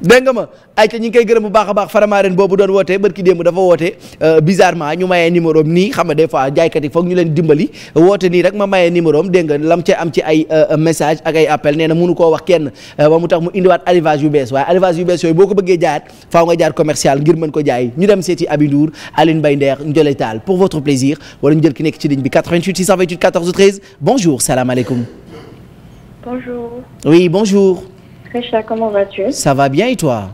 dégg nga ma ay ca ñu ngi koy gërëm bu baax a baax faramaaren boobu doon wootee bërki démb dafa woote euh, bizarrement ñu mayee numéro nii xam nga fois jaaykat yi foog ñu leen dimbali woote nii rek ma mayee numéro am lam ca am ci ay euh, message ak appel nee na mënu wax kenn euh, ba mu tax mu indiwaat élevage yu bees waaye élevage yu bees yooyu boo ko bëggee jaayaat faaw nga jaar commercial ngir mën ko jaay ñu dem seeti Abindour Aline Mbaye Nder Ndiolé pour votre Sacha, comment vas-tu Ça va bien et toi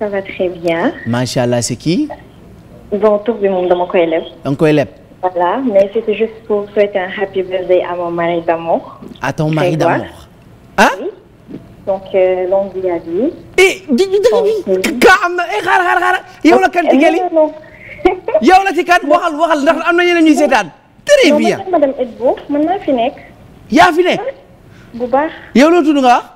Ça va très bien. Macha Allah, c'est qui Bon tour bi moom dama koy leb. dama koy leb. voilà mais c'était juste pour souhaiter un happy birthday à mon mari d'amour. à ton mari d'amour. ah oui. donc euh, longue vie à lui. eh am na eh xaar xaar xaar yow la kan ci gëli yow la ci kan waxal waxal ndax am na ñeneen ñuy seetaan. très bien non man madame Edbo mën naa fi nekk. yaa fi nekk. bu baax. yow loo tudd nga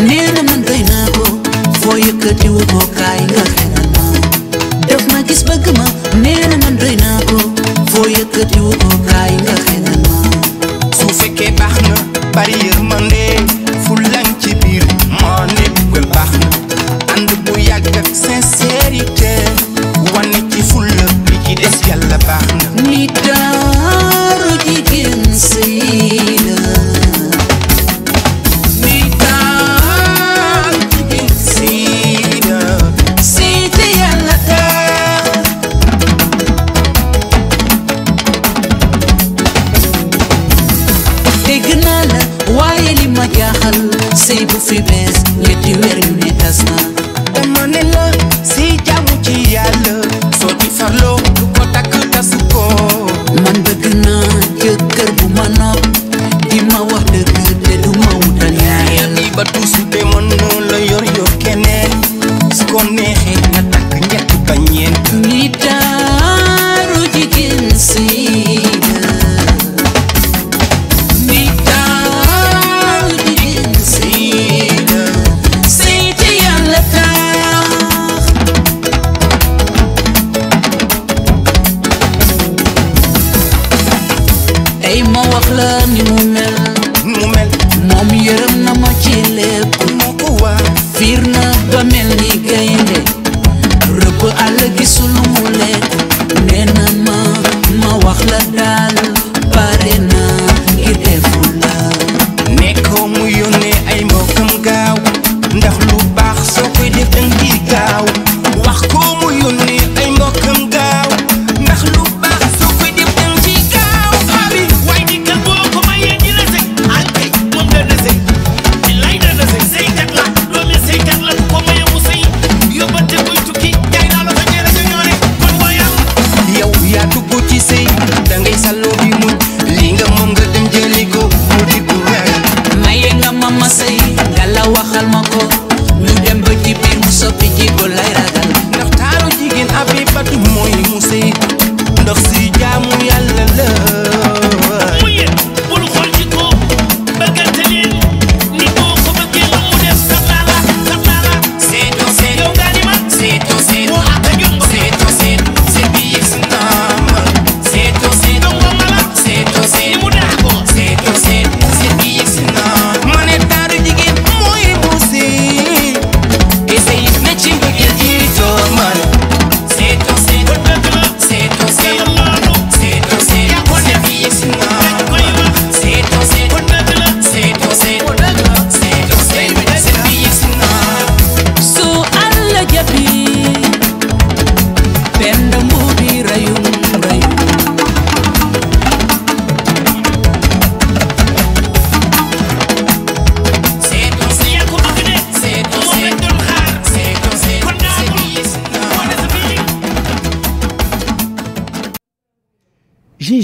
nee na man doy naa ko foo yëkkati wu ko nga xëy na daf ma gis bëgg ma nee na man doy naa ko foo yëkkati wu ko nga xëy na su fekkee baax na bari yërmande fulan ci biir moo nekk ba baax na ànd bu yàgg ak sincérité ci fulla bi ci des yàlla baax na.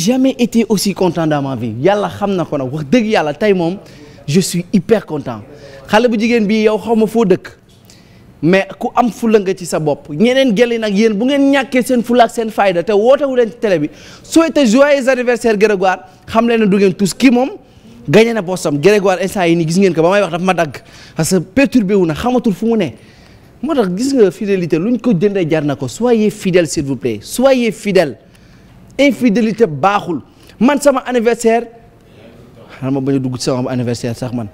jamais été aussi content dans ma vie yàlla xam na ko nag wax dëgg yàlla tey moom je suis hyper content xale bu jigéen bii yow xaw ma foo dëkk mais ku am fula nga ci sa bopp ñeneen gel yi nag yéen bu ngeen ñàkkee seen fula ak seen fayda te wootewu leen ci télé bi souhaité joyeux anniversaire Grégoire xam leen ne du ngeen tous kii moom gagné na bosam Grégoire instant yi nii gis ngeen ko ba may wax daf ma dagg parce que perturbé wu na xamatul fu mu ne moo tax gis nga fidélité luñ ko jëndee jar na ko soyez fidèle s'il vous plaît soyez fidèle infidélité baaxul man sama anniversaire xanaa ma bañ a dugg ci sama anniversaire sax man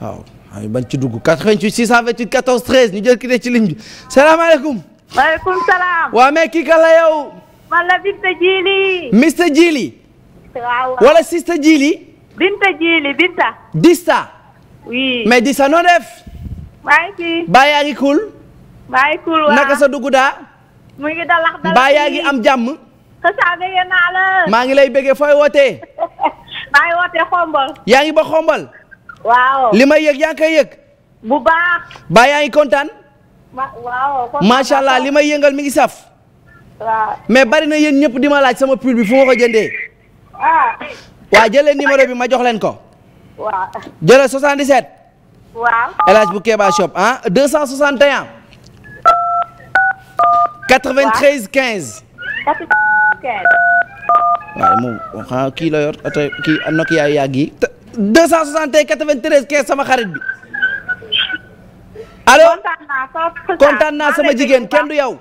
waaw ay bañ ci dugg 88 628 14 13 ñu jël ki ne ci ligne bi salaamaaleykum. maaleykum salaam. waa mais kii kan la yow. man la Binta Djili. Mr Djili. waaw wala Dista. oui mais Dista noo def. maa ngi fi. baa naka sa dugg daa. mu ngi dalax yaa ngi am jàmm. xasaa bëggee naa maa ngi lay bëggee fooy wote maa ngi wootee xombal. yaa ngi ba xombal. waaw. li may yëg yaa ngi koy yëg. bu baax. yaa ngi kontaan. ma macha allah li may yëngal mi ngi saf. waaw mais bari na yéen ñëpp di ma laaj sama pull bi fu ma ko jëndee. Ah. waa jël leen numéro bi ma jox leen ko. waaw. jëlal 77. waaw. El Hadj Boukeba shop ah 261. 93 15. waaye moom xanaa kii la yor oto kii Nokia yu yàgg yi. 261 93 sama xarit bi. allo kontaan naa sama jigéen kenn du yow.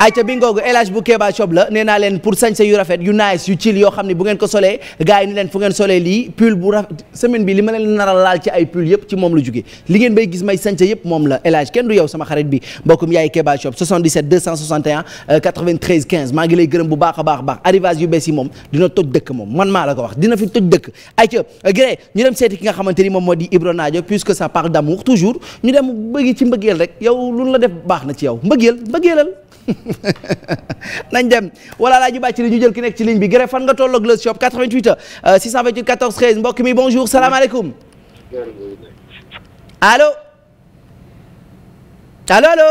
ayca bi ngoogu élage bu Kéba Shop la nee naa leen pour sañse yu rafet yu nice yu chill yoo xam ne bu ngeen ko solee gars yi ni leen fu ngeen solee lii pull bu rafet semaine bi li ma leen naral laal ci ay pull yëpp ci moom la jóge li ngeen bay gis may sañse yëpp moom la élage kenn du yow sama xarit bi mbokkum yaay Kéba Shop 77 261 euh, maa ngi lay gërëm bu baax a baax a baax arrivage yu bees yi moom dina toj dëkk moom man maa la wax dina fi toj dëkk ayca euh, gré ñu xamante ni moom moo di Ibro Nadio puisque ça parle d'amour toujours ñu dem bëgg ci mbëggeel baax na ci yow mbëggeel mbëggeelal nañ dem wala laa ju bàcc li ñu jël ki nekk ci ligne bi gërëm fan ga toll ak Leuz Shop 88 628 14 13 mbokk mi bonjour salaamaaleykum allo allo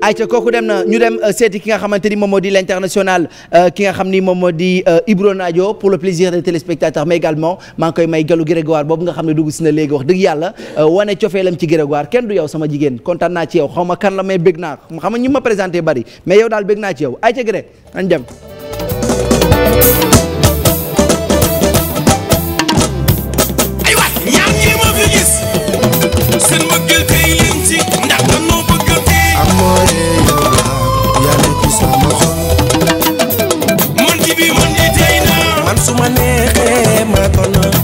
ayca kooku dem na ñu dem euh, seeti ki nga xamante ni moom moo di l'international euh, ki nga xam ni moom moo di euh, Ibrahima Diop pour le plaisir des téléspectateurs mais également maa ngi koy may galu Grégoire boobu nga xam ne dugg si na léegi wax dëgg yàlla wane cofeelam ci Grégoire kenn du yow sama jigéen kontaan naa ci yow xaw ma kan la may bëgg naa xam nga ñu ma présenté bari mais yow daal bëgg naa ci yow ayca Gré an dem ay waay ñaar ñi fi gis seen mbëggeel tey leen ci man su ma neexee maa ko nopp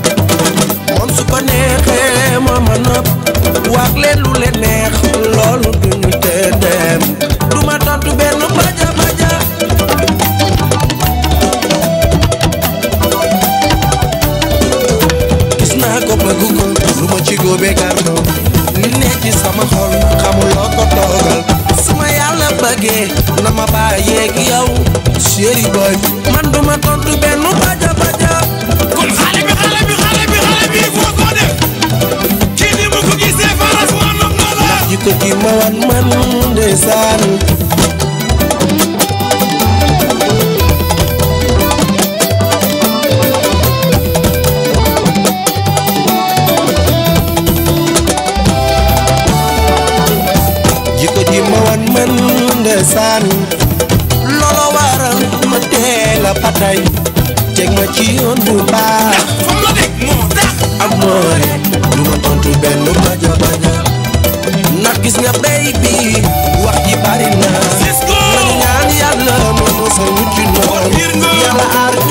moom su ko neexee ma nopp wax lu leen neex loolu duñu te dem du tontu benn baja baja gis naa ko bëgg ko lu ci góobee gàrnoo li ne ci sama xol xamuloo ko toogal su ma yàlla bëggee na ma bàyyeeg yow chéri boy man duma tontu benn baja baja kon xale bi xale bi xale bi xale bi foo ko def kii ni mu ko gisee faras wan nam na la ji ko gi ma wan man ndeysaan ji ko gi ma wan man ndeysaan la patay teg ma ci yoon bu baax ak mooy lu ma tontu benn baja baja ndax gis nga béy bi wax ji bari na ma ñaan yàlla ma mosal mucc noonu yàlla aar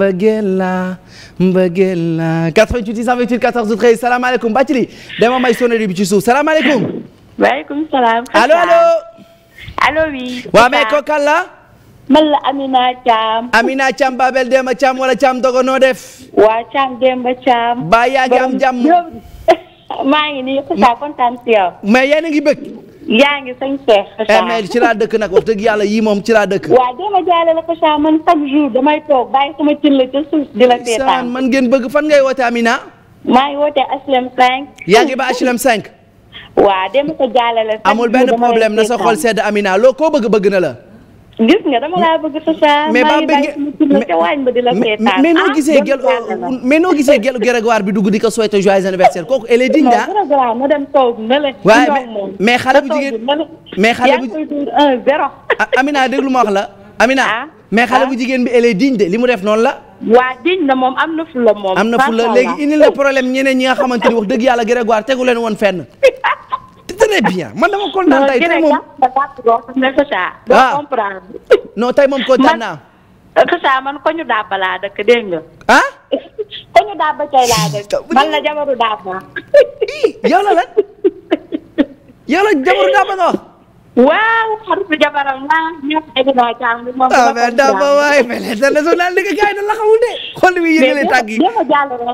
mbëggeel la mbëggeel la 88 628 14 13 salaamaaleykum Bathily dama may sonnerie bi ci suuf salaamaaleykum. waaleykum salaam. allo allo. allo oui. waaw mais ko kan la. man la Amina Thiam. Amina Thiam Babel Demba Thiam wala Thiam Dogo noo def. waa Thiam Demba Thiam. ba yaa ngi am jàmm. maa ngi nii kontaan si yow. mais yéen a ngi bëgg. yaa ngi sañ eh, see. xasaa ci laa dëkk nag wax dëgg yàlla yii moom ci laa dëkk. waaw dama jaale la xasaa man chaque jour damay toog bàyyi ma cin la ca suuf di la. seetaan man ngeen bëgg fan ngay woote Amina. maa ngi woote HLM 5. yaa ngi ba HLM 5. waaw dama ko jaale la. amul benn problème na sa xol sedd Amina loo ko bëgg bëgg na la. gis nga dama laa mais ba bëgg ah, euh, mais noo gisee gel mais noo gisee gel Grégoire bi dugg di ko souhaité joyeux anniversaire kooku elle est digne daa. non dem toog mais xale bu jigéen mais xale bu Amina déglu ma wax la. Amina ah, mais xale ah. bu jigéen bi elle est de li mu def noonu la. waa diñ na moom am na fula moom. am na fula léegi indi la problème ñeneen ñi nga xamante ni wax dëgg yàlla Grégoire tegu leen woon fenn. très bien man dama kontaan tey tey moom ah. non tey moom kontaan naa. Kheucha man ko ñu daaba laa dëkk dégg nga. ah. ko ñu laa dëkk. man la jabaru daaba. la lan yow la jabaru daaba waaw xaritu jabaram la ñoom Aïda Thiam bi moom. ah mais dama li nga gars yi da la xamul de. xool wi yëngale tàgg yi mais démb jàllale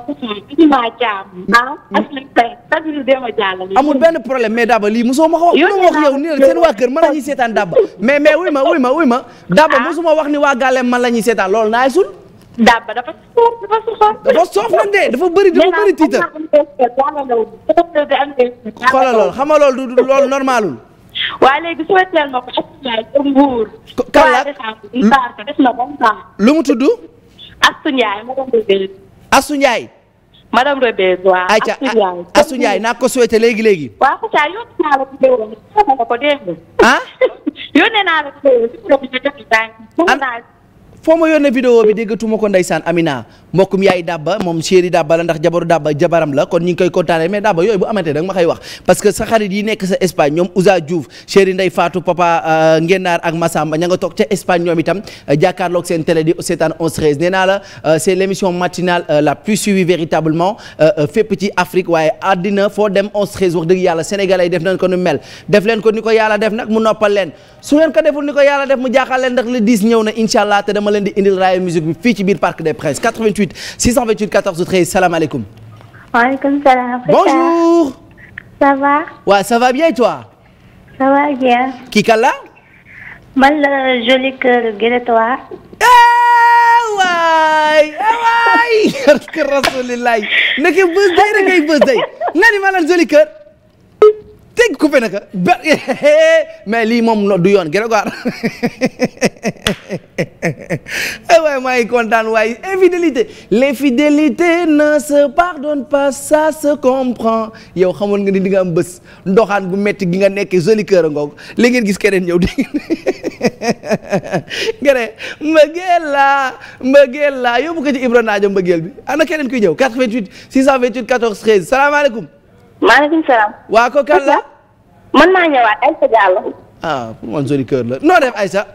la ah hmm. amul benn problème mais Daba lii mosoo ma ko wax. yow wax yow ni waa kër mën nañuy seetaan Daba mais mais wuy ma wuy ma wuy ma. Daba ah. mosuma wax ni waa Gàlleem man la ñuy lool loolu naay sul. Daba dafa soof dafa de dafa bëri dafa bëri tiitar. xoolal loolu xam nga loolu lool loolu normalul waa léegi souhaiteel ma ko Astou na bon temps. lu mu tudd. Astou Ndiaye madame Rebeuss. Astou Ndiaye. naa ko souhaité léegi léegi. waaw Fatia yónnee foo ma yónnee vidéo bi déggatuma ko ndeysaan Amina mbokkum yaay Dabba moom chéri Dabba la ndax jabaru Dabba jabaram la kon ñu koy kontaane mais Dabba yooyu bu amatee da ma koy wax parce que sa xarit yi nekk sa Espagne ñoom Ousa Diouf chéri Ndey Fatou papa euh, Ngennaar ak Massamba ña toog ca Espagne ñoom itam euh, jàkkaarloog seen télé di seetaan 11 13 nee la euh, c'est l'émission matinale la plus suivie véritablement fépp ci Afrique waaye àddina foo dem leen di indil raaya musique bi fii ci biir Parc des Princes 88 628 14 13 salaamaaleykum. maaleykum salaam. bonjour. ça va. waaw bien toi. ça bien. kii kan la. man la joli cœur Guérétois. Eh waay eh waay. alhamdulilah. naka bës day rek ngay bës day. nga ni ma la joli teg coupé na ko ba eh, mais lii moom du yoon gërëm quoi waaye maa ngi kontaan waaye infidélité l'infidélité ne se pardonne pas ça se comprend yow xamoon nga ni di nga am bés ndoxaan gu metti gi nga nekke joli kër ngoog li ngeen gis keneen ñëw di ngeen ne mbëggeel laa mbëggeel laa yóbbu ko ci Ibra Naajo mbëggeel bi ana keneen kuy ñëw 88 628 14 13 salaamaaleykum. maaleykum salaam. waa ko kan la. man maa ñëwaat Aïssa Diallo. ah pour man joli kër la noo ay Aïssa.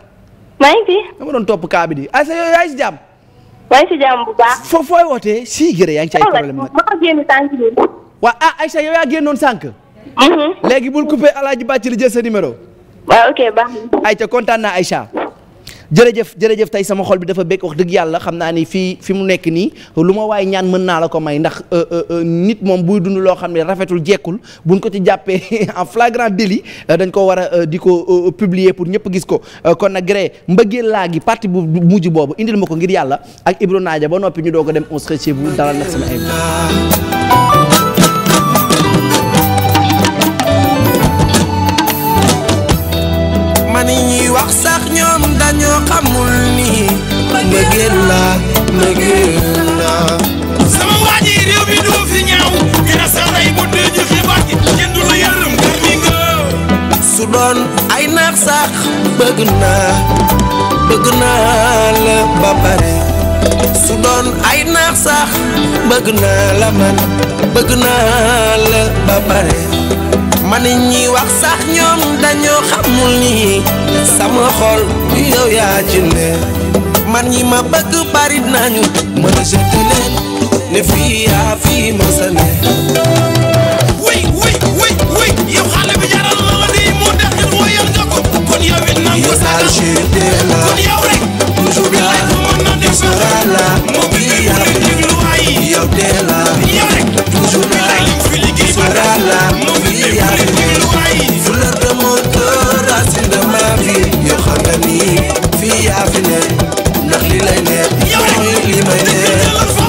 maa ngi fi. dama topp kaa bi di Aïssa yooyu yaa ngi si jàmm. fo fooy wootee si gërë yaa ci ay problème nag. maa génn sànq bi. Ah, mm-hmm. léegi bul coupé El Hadj Bàcc li jël sa numéro. waaw ok baax na. Aïssa kontaan ay ca jërëjëf jërëjëf tey sama xol bi dafa békk wax dëgg yàlla xam naa ni fii fi mu nekk nii lu ma waaye ñaan mën naa la ko may ndax euh, euh, euh, nit moom buy dund loo xam ne rafetul jekkul buñ ko ci jàppee en flagrant délit dañ ko war a di ko publier pour ñëpp gis ko kon nag gré mbëggeel laa gi parti bu mujj boobu indi lu ma ko ngir yàlla ak Ibro ba noppi ñu doo ko dem on se chez vous dalal nag sama invité ñoo xamul ni mbëggeel la mbëggeel la sama waa su doon ay naax sax bëgg naax sax bëgg naa la ba pare ma ne wax sax ñoom dañoo xamul ni sama xol bi yow yaa ci man ñi ma bëgg bari nañu mën a jëkk leen ne fii yaa fii ma sa ne wuy wuy wuy yow xale bi jaral la la nii mu dexit mooy nga ko kon yow it nangu sa kon yow rek toujours bi lay ko mën na def sera la mu bi yaa fi rek toujours bi lay fi liggéey sera la fii yaa fi ne ndax li lay ne mooy li may ne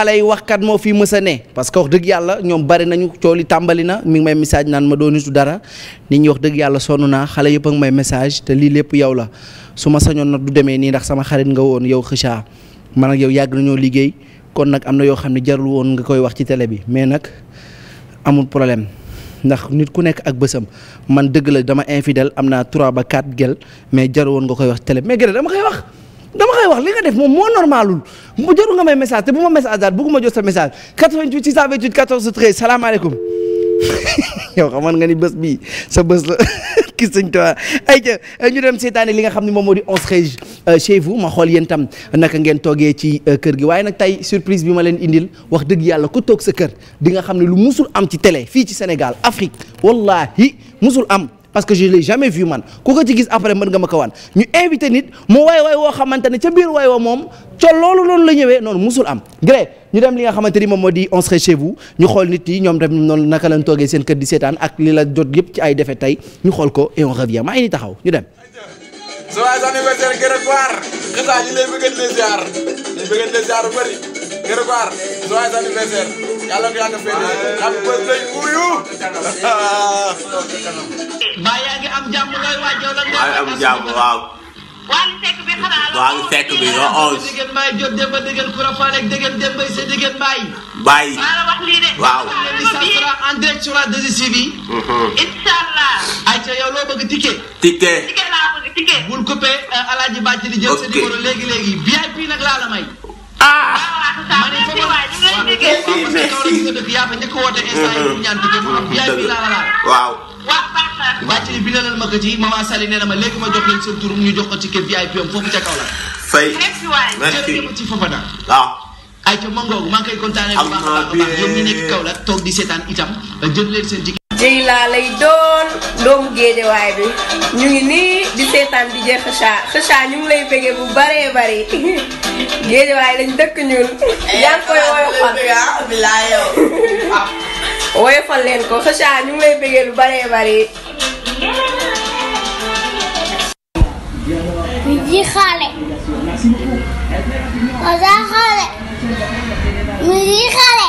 xale yi wax kat moo fi mës a ne parce que wax dëgg yàlla ñoom bari nañu coow tàmbali na mi ngi may message naan ma doon nitu dara nit ñi wax dëgg yàlla sonn naa xale yëpp a ngi may message te lii lépp yow la su ma sañoon nag du demee nii ndax sama xarit nga woon yow xëcca man ak yow yàgg nañoo liggéey kon nag am na yoo xam ne jarul woon nga koy wax ci télé bi mais nag amul problème ndax nit ku nekk ak bësam man dëgg la dama infidèle am naa 3 ba 4 gel mais jarul woon nga koy wax télé mais gën dama dama koy wax li nga def moom moo normalul mu jarul nga may message te bu ma message daal bëgguma jot sa message 88 628 14 13 man nga ni bës bi sa bës la ki sëñ Tuubaa ay ca ñu dem seetaani li nga xam ne moom moo di onze Régions euh, chez vous ma xool yéen tam naka ngeen toogee ci euh, kër gi waaye nag tey surprise bi ma leen indil wax dëgg yàlla ko toog sa kër di nga xam ne lu musul am ci tele fii ci Sénégal Afrique wallahi musul am parce que je l'ai jamais vu man ku ci gis après mën nga ma ko ñu invité nit mu way way woo xamante ne ca biir way woo moom ca loolu loolu la ñëwee noonu musul am gré ñu dem li nga xamante ni moom moo di on serait chez ñu xool nit yi ñoom tamit noonu naka lañ toogee seen kër di seetaan ak li la jot yëpp ci ay defet tey ñu xool ko et on revient maa ngi ni taxaw ñu dem so waay sa anniversaire gën a waar xasaa sa anniversaire yàlla nga yàgg fee de am bës day uyu. mbaa yaa ngi am jàmm ngay waajal la. maa ngi waaw. waal bi xanaa la. waal sekk bi nga onze. dégg maay jot démb dégg Koura Fall ak dégg Demba sa dégg maay. di sasra en direct sur la mm-hmm. yow loo bëgg ticket. ticket. ticket laa bëgg ticket. bul coupé euh, Alaaji di jël sa numéro léegi léegi. VIP nag laa may. ah. waaw. bàccali bi nalal ma ko ci maman Sali nee ma léegi ma jox leen seen tur ñu jox ko ci kër VIP am foofu ca kaw la. fay merci ci Fofana. Ah. ay ca mangoogu maa ngi koy kontaanee bu baax a baax yéen ñi nekk kaw la toog di seetaan itam jël leen seen jëy laa lay doon doomu géejewaay bi ñu ngi nii di seetaan di je xëcca xëcca ñu ngi lay bëggee bu baree bari géejewaay lañ dëkk ñun eh, yaa koy woyofal ah. woyofal leen ko xëcca ñu lay bëggee lu baree bari ji xaale mu ji xaale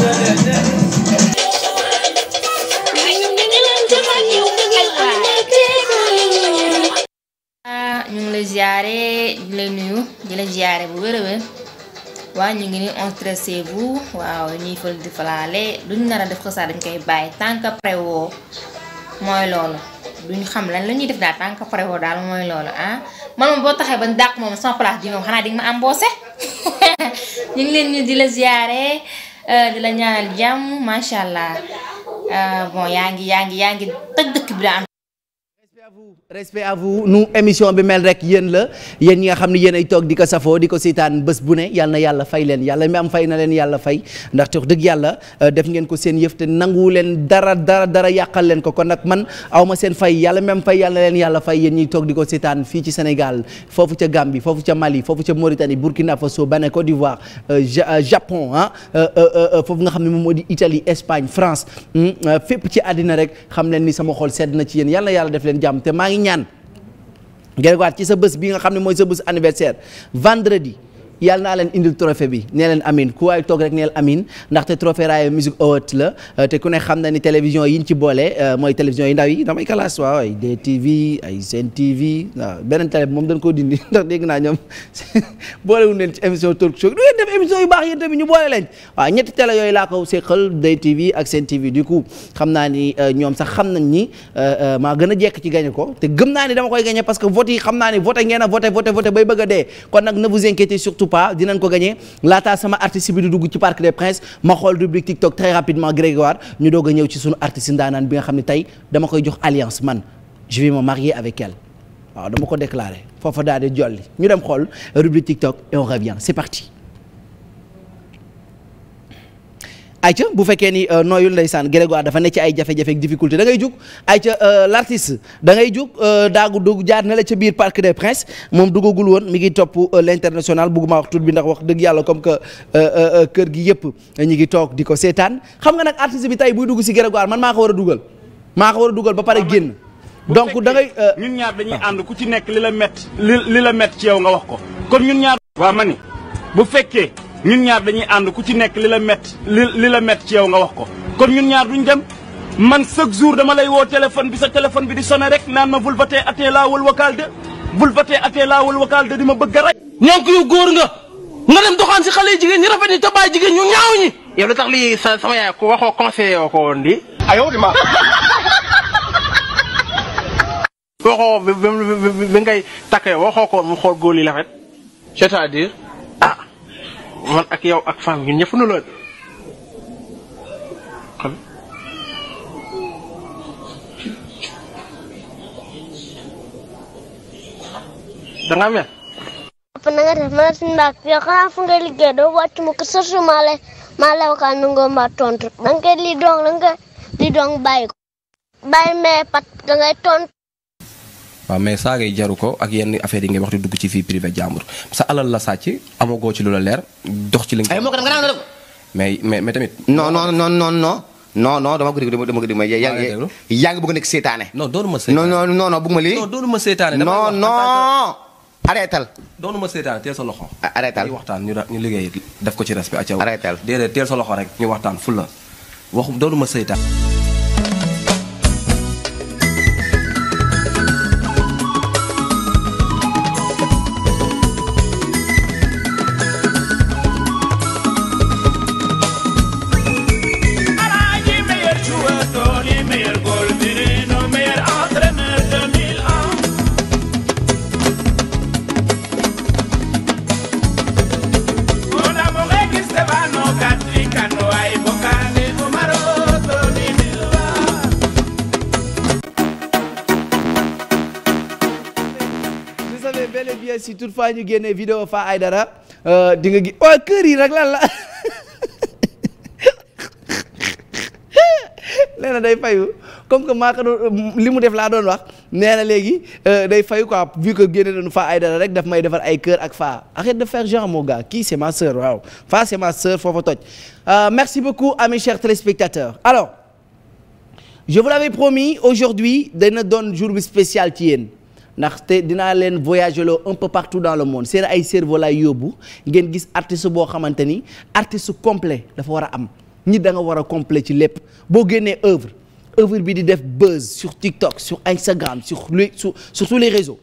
ñu ngi la ziare di la nuyu di la ziare bu wér a wér waaw ñu ngi ni on stressé bu waaw ñuy fël di falaale duñ nar def ko sax dañ koy bàyyi tant que préwoo mooy loolu duñ xam lan la ñuy def daal tànk que préwoo daal mooy loolu ah man moom boo taxee bañ dàq moom sama place ji moom xanaa di nga ma embauché ñu ngi leen ñu di la ziare euh, di la ñaanal jàmm macha allah euh, bon yaa ngi yaa ngi yaa ngi tëj dëkk bi daal. vous respect à vous nu émission bi mel rek yéen la yéen ñi nga xam ne yéen ay toog di ko safoo di ko seetaan bés bu ne yal na yàlla fay leen yàlla mi am fay na leen yàlla fay ndaxte wax dëgg yàlla euh, def ngeen ko seen yëf te nanguwu leen dara dara dara yàqal leen ko kon nag man aw ma seen fay yàlla mi am fay yàlla leen yàlla fay yéen ñiy toog di ko seetaan fii ci Sénégal foofu ca Gambie foofu ca Mali foofu ca Mauritanie Burkina Faso Bénin Côte d'Ivoire euh, euh, Japon ah foofu nga xam ne moom moo di Italie Espagne France hmm, fépp ci àddina rek xam leen ni sama xol sedd na ci yéen yàlla yàlla def leen jàmm te maa ngi ñaan Grégoire ci sa bés bi nga xam ne mooy sa bés anniversaire vendredi yàlla naa leen indil trophée bi nee leen amin ku waay toog rek neel amin ndaxte trophée Music Awards la euh, te ku ne xam na ni télévision yi ñu ci boole euh, mooy télévision yi ndaw yi damay kalaas waaw ay moom dañ koo dindi ndax dégg naa ñoom boolewuñ leen ci émission talk show du ngeen def émission yu baax yéen tamit ñu boole leen waaw ñetti télé yooyu laa ko séqal DTV ak Sen TV du coup xam naa ni euh, ñoom sax xam nañ ñi maa gën a jekk ci gagné ko te gëm naa ni dama koy gagné parce que vote yi a voté voté voté bay bëgg a dee kon nag pas dinañ ko gagné laataa sama artiste bi di ci Parc des Princes ma xool rubrique TikTok très rapidement Grégoire ñu doog a ñëw ci sunu artiste ndaanaan bi nga xam ne tey dama koy jox alliance man je vais ma marier avec elle waaw dama ko déclarer foofa daal de jolli ñu dem xool rubrique TikTok et on revient c'est parti. ayca bu fekkee ni euh, nooyul ndeysaan Grégoire dafa ne ci ay jafe-jafe difficulté da ngay jug ayca euh, l' artiste da ngay jug euh, daagu dugg jaar na la ca biir Parc des Princes moom duggagul woon mi ngi topp l' international bugguma wax tur bi ndax wax dëgg yàlla comme que kër gi yëpp ñi ngi toog di ko seetaan xam nga nag artiste bi tey buy dugg si Grégoire man maa ko war a dugal maa ko war a dugal ba pare ah, génn donc da ngay ñun ñaar dañuy ànd ku ci nekk li la mett li la yow nga wax ko kon ñun ma ni bu ñun ñaar dañuy ànd ku ci nekk li la mett li mett ci yow nga wax ko kon ñun ñaar duñ dem man chaque jour dama lay woo téléphone bi sa téléphone bi di sone rek naan ma bul voté te laa wal wakaal de bul voté atee laa wal wakaal de di ma bëgg a rey ñonk yu góor nga nga dem doxaan si xale jigéen ñi rafet ñi te bàyyi jigéen ñu ñaaw ñi yow tax lii sa sama yaay ko waxoo conseillé ko woon di ayoo ah, di ma waxoo bi ngay takkee waxoo ko mu góor yi rafet cest man ak yow ak femme ñun ñëpp nu la xam da nga def ma ne si ndax yow xanaa nga liggéey doo wàcc mu ko maa lay maa lay waxal nu nga tontu da nga koy lii dong da nga koy lii pat da ngay tontu. waaw mais yi jaru ko ak yenn affaire yi ngay wax di dugg ci fii privé jàmbur sa alal la sàcc amagoo ci lu la leer dox ci li nga. mais mais mais tamit. non non non non non. non non dama ko déglu dama ko déglu mais yaa yaa ngi bëgg nekk seetaane. non doonuma seetaane non non non bëgg ma lii. non doonuma seetaane. non non arrêtal. doonuma seetaane teel sa loxo. arrêtal ñu waxtaan ñu ñu liggéey def ko ci respect. arrêtal déedéet teel sa loxo rek ñu waxtaan fu la waxu doonuma seetaane. toutefois ñu génnee vidéo Fa Aïdara euh, di nga gi waaw kër yi rek lan la nee na day fayu comme que maa li mu def laa doon wax nee na léegi euh, day fayu quoi vu que génne nañu Fa Aïdara rek daf may defar ay kër ak Fa arrête de faire genre mon gars kii c'est ma sœur waaw Fa c'est ma sœur foofa toj euh, merci beaucoup à mes chers téléspectateurs alors je vous l'avais promis aujourd'hui dana doon jour spécial ci yéen ndaxte dinaa leen voyager loo un partout dans le monde seen ay cerveau laay yóbbu ngeen gis artiste boo xamante ni artiste complet dafa war a am ñi da nga war a complet ci lépp boo génnee œuvre œuvre bi di def buzz sur TikTok sur Instagram sur les sur sur tous les réseaux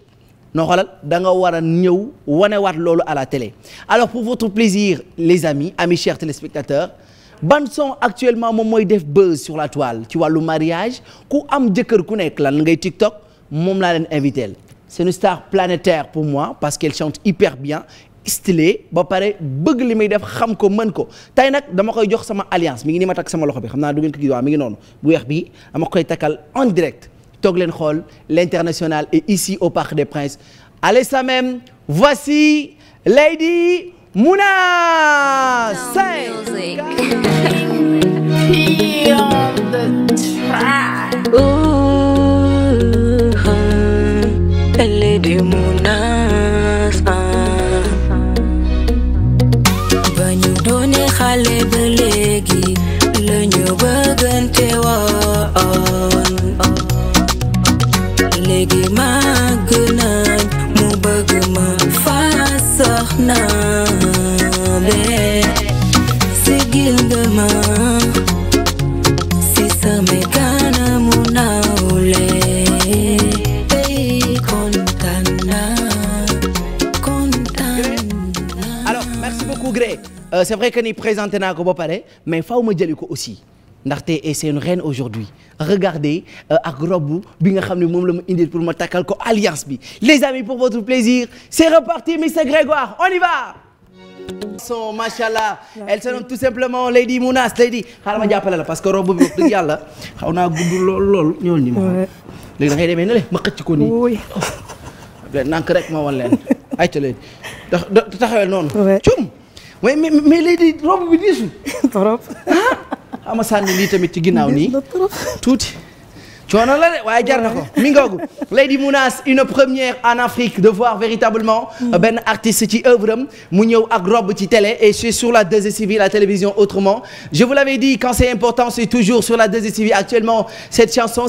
noo xoolal da nga war a ñëw wanewaat loolu à la télé alors pour votre plaisir les amis amis chers téléspectateurs ban son actuellement moom mooy def buzz sur la toile ci wàllu mariage ku am jëkkër ku nekk lan ngay TikTok moom laa leen invité c'est une star planétaire pour moi parce qu'elle chante hyper bien stylé ba pare bëgg li muy def xam ko mën ko tey nag dama koy jox sama alliance mi ngi ni ma takk sama loxo bi xam naa du ngeen ko gis waaw mi ngi noonu weex bi dama koy takkal en direct toog leen xool l'international et ici au Parc des Princes allez ça même voici Lady Mouna Sey Munas ba ñu doone xale ba léegi la ñu bëggante woon léegi màgg nañ mu bëgg ma faa soxna Euh, c'est vrai que ni présenté naa ko ba pare mais faw ma jëli ko aussi ndaxte et c'est une reine aujourd'hui regardez euh, ak robe bi nga xam ne moom la ma indil pour ma takkal ko alliance bi les amis pour votre plaisir c'est reparti Mr Grégoire on y va son machallah elle se nomme tout simplement Lady Mounas Lady xaaral ma jàppale la parce que robe bi wax dëgg yàlla xaw naa gudd lool lool ñool ni ma léegi da ngay demee ne le ma xëcc ko nii oh. nank rek ma wan leen ayca leen taxawel noonu mais mais léegi robe bi diisul. trop. ah ama sànni lii tamit ci ginnaaw nii tuuti. coono la de waaye Lady Mounass une première en Afrique de voir véritablement mm. euh, benn artiste ci œuvre am mu ñëw ak robe ci télé et c'est sur la 2 la télévision autrement je vous l'avais dit quand c'est important c'est toujours sur la 2 actuellement cette chanson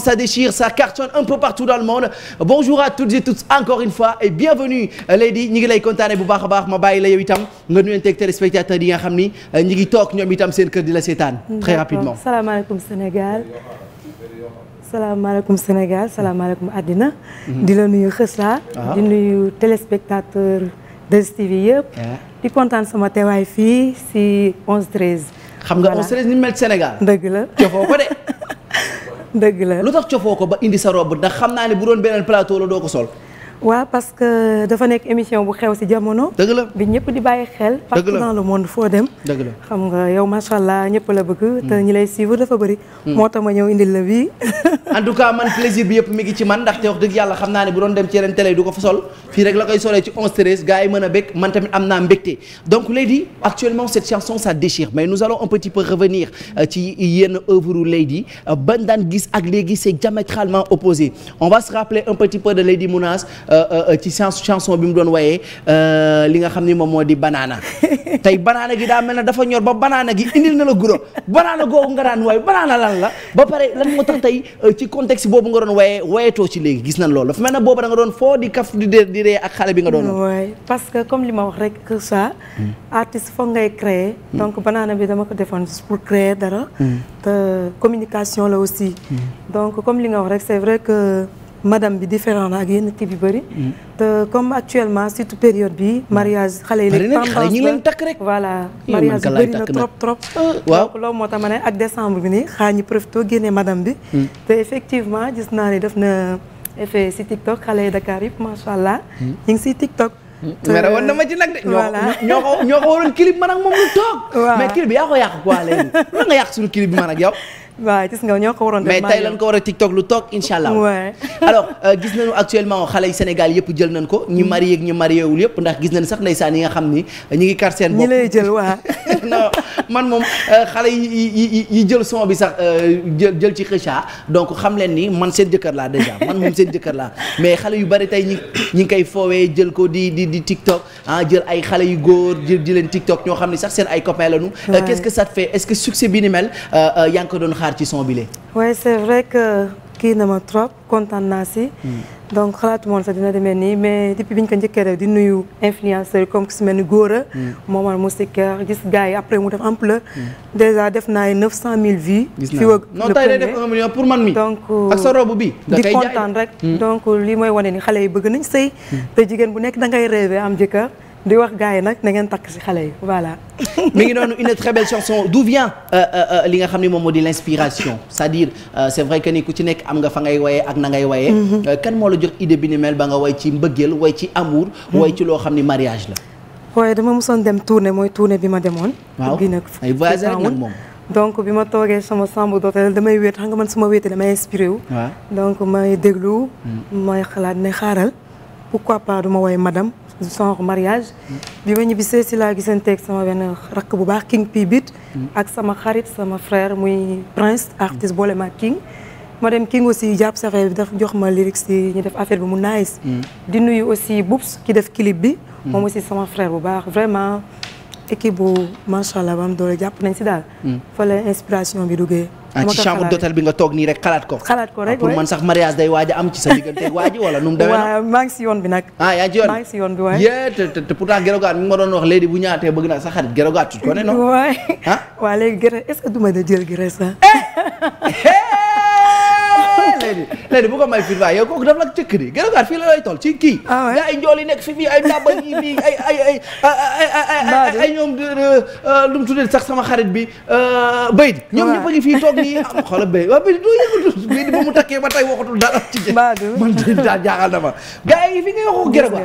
cartonne un peu partout dans le monde bonjour à toutes et tous encore une fois et bienvenue euh, Lady ñi ngi lay kontaane bu baax a baax ma bàyyi la yi nga xam ni euh, ñi ngi toog ñoom itam seen kër di la seetaan mm, très rapidement Sénégal salaamaaleykum Sénégal mm-hmm. salaamaaleykum àddina mm-hmm. di la nuyu xësla ah. di nuyu téléspectateur 2STV yëpp eh. di kontaan sama teewaay fii si 11 13 xam nga 11 13 ni mel Sénégal dëgg la cofoo ko de dëgg la lu tax cofoo ko ba indi sa robe ndax xam naa ne bu doon beneen plateau la doo ko sol waaw parce que dafa nekk émission bu xew si jamono. dëgg la bi ñëpp di bàyyi xel. parce que dans le monde foo dem. dëgg la xam nga yow macha allah ñëpp la bëgg. Hmm. te ñi lay suivre dafa bëri. Hmm. moo tax ma ñëw indi la bii. en tout cas man plaisir bi yëpp mi ngi ci man ndaxte wax dëgg yàlla xam naa ne bu doon dem ci yeneen télé du ko fa sol fii rek la koy solee ci 11 13 gars mën a bëgg man tamit am naa mbégte donc Lady actuellement cette chanson ça déchire mais nous allons un petit peu revenir euh, ci yenn œuvre euh, ban daan gis ak léegi c'est diamétralement opposé on va se rappeler un petit peu de Euh, euh, euh, ci chans chanson bi mu doon wayee li nga xam ni moom moo di banaana tey banaana gi daa mel na dafa ñor ba banaana gi indil na la guro banaana googu nga daan waaye banaana lan la ba pare lan moo tax tey ci contexte boobu nga doon wayee wayetoo ci léegi gis nañ loolu dafa mel ne boobu da doon foo di kaf di di ree ak xale bi nga doon waay parce que comme li ma wax rek que ça hmm. artiste ngay créer hmm. donc banaana bi dama ko defoon pour créer dara hmm. communication la comme li nga wax rek c'est vrai que madame bi différent na ak yenn type yu bëri. Mm. te comme actuellement surtout période bi mm. mariage xale yi léegi tendance la leen takk rek. voilà mariage bëri na trop trop. Ah, waaw donc moo tax ma ne ak décembre bi nii xaa ñu profité génne madame bi. Mm. te effectivement gis naa ni def na effet si TikTok xale yi Dakar yëpp macha allah. ñu ngi si TikTok. mais rawoon na ma ji nag de. ñoo ko ñoo ko waroon clip man ak moom ñu toog. mais clip bi yaa ko yàq quoi léegi. lan nga yàq suñu clip bi man ak waaw gis nga ñoo ko waroon mais tey lan ko war a TikTok lu toog incha allah. alors euh, gis nañu actuellement xale yi Sénégal yëpp jël nañ ko. ñi mm. marié ak ñi marié wul yëpp ndax gis nañ sax saan yi nga xam ni euh, ñu ngi kar seen bopp. man moom euh, xale yi yi jël son bi sax jël jël ci xëcca donc xam leen ni man seen jëkkër laa déjà man moom seen jëkkër laa mais xale yu bari tey ñi ñi ngi koy foowee jël ko di di di TikTok ah jël ay xale yu góor jël di leen TikTok ñoo xam ni sax seen ay copains lañu. quest bi ni mel yaa ngi ko doon xaar ci son bile. waaye c'est vrai que kii na ma trop kontaan naa hmm. donc xalaatu moon sax dina demee nii mais depuis bi ñu ko njëkkee rek di nuyu influenceurs yi comme ku si mel ni Gora. Hmm. Momar Moustiquaire après mu def ampleur. Hmm. déjà def naa ay 900000 vues. gis naa non tey day def 1 million pour man mi. a euh, ak sa bi. di kontaan rek. donc li mooy wane ni xale yi bëgg nañ sëy. te jigéen bu nekk da ngay am jëkkër. di wax gars yi nag na ngeen takk si xale yi voilà. mi ngi noonu une très belle chanson d'où vient euh, euh, euh, nga xam ne moom moo di l'inspiration c'est-à-dire c'est vrai que ni ku ci nekk am nga fa ngay woyee ak na ngay woyee. Mhm. kan moo la jox idée bi ni mel ba nga woy ci mbëggeel woy ci amour. Mhm. woy ci loo xam ne mariage la. waaye dama mosoon dem tournée mooy tournée bi ma demoon. waaw ay voyage rek nag moom donc bi ma toogee sama chambre d'hôtel damay wéet xam nga man su ma damay inspiré wu. donc may déglu. Mm. may xalaat ne xaaral pourquoi pas du ma woy genre mariage bi ma ñibbisee si laa gisanteeg sama benn rakk bu baax King P Beat ak sama xarit sama frère muy Prince artiste boole ma King ma dem King aussi jàpp sa affaire bi daf jox ma lyrics yi ñu def affaire bi mu nice di nuyu aussi Boups ki def clip bi moom aussi sama frère bu baax vraiment équipe bu macha allah ba doole jàpp nañ si daal mm. fa la inspiration bi duggee ah ci chambre d'hôtel bi nga toog nii rek xalaat ko. xalaat ko rek ah, pour man sax mariage day waaj a am ci sa diggante waaj wala nu mu demee. waaw si yoon bi nag. ah yaa ci yoon bi waaye. yee te te gerogaat mi ma doon wax léegi bu ñaatee bëgg naa sa xarit gerogaat tut ko ne non. ah waaw léegi gerte est-ce que jël gi rek léegi léegi bu ko may fit waaye yow kooku daf lak cëkk di gërëm fii la lay toll ci kii yaa ay njool yi nekk fi fii ay ndàmba yi fii ay ay ay ay ay ñoom lu mu tuddee sax sama xarit bi béy di ñoom ñëpp a ngi fii toog nii am xoola béy waaw béy di doo yëngatu béy di ba mu takkee ba tey waxatul dara ci jë man daal jaaxal na ma gars yi fi nga waxu gërëm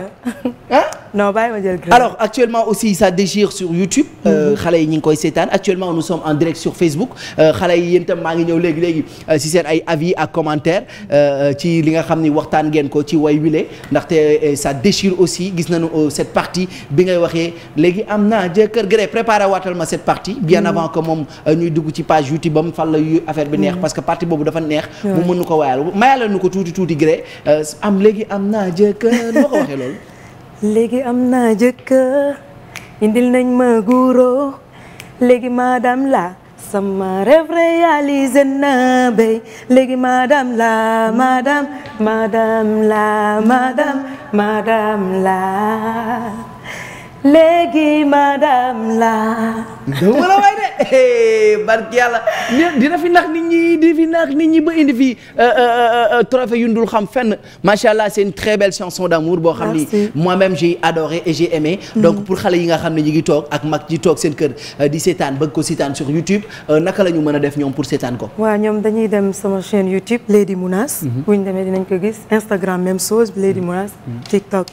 ah non bàyyi ma jël gërëm alors actuellement aussi ça déchire sur YouTube euh, mm-hmm. xale yi ñu ngi koy seetaan actuellement nous sommes en direct sur Facebook euh, xale yi yéen tam maa ngi ñëw léegi léegi euh, si seen ay avis ak commentaires Niger euh, ci li nga xam ni waxtaan ngeen ko ci way wile ndaxte euh, ça déchire aussi gis na nañu euh, cette partie bi ngay waxee léegi am naa jëkkër gré préparé watal ma cette partie bien mm. avant que moom ñuy dugg ci page YouTube bam fan la yu affaire bi neex mm. parce que partie boobu dafa neex mu mën nu ko waayal mayala nu ko tuuti tuuti gré am léegi am naa jëkkër noo waxee loolu léegi am naa jëkkër indi nañ ma guuroo léegi madame la sama rêve réalisé na béy léegi madame la madame madame la madame madame la léegi madame la. dëgg la waay de barki yàlla dina fi nax nit ñi di fi nax nit ñi ba indi fi euh, euh, euh, trophée yu ndul xam fen macha allah c'est une très belle chanson d'amour boo xam ni moi-même j'ai adoré et j'ai aimé. Mm. donc pour xale yi nga xam ne ñu ngi toog ak mag ji toog seen kër di seetaan bëgg ko seetaan sur YouTube naka la ñu mën a def ñoom pour seetaan ko. waaw ñoom dañuy dem sama chaine YouTube Lady Mounas. Mm-hmm. bu ñu demee dinañ ko gis Instagram même chose Lady mm-hmm. Mounas mm-hmm. TikTok.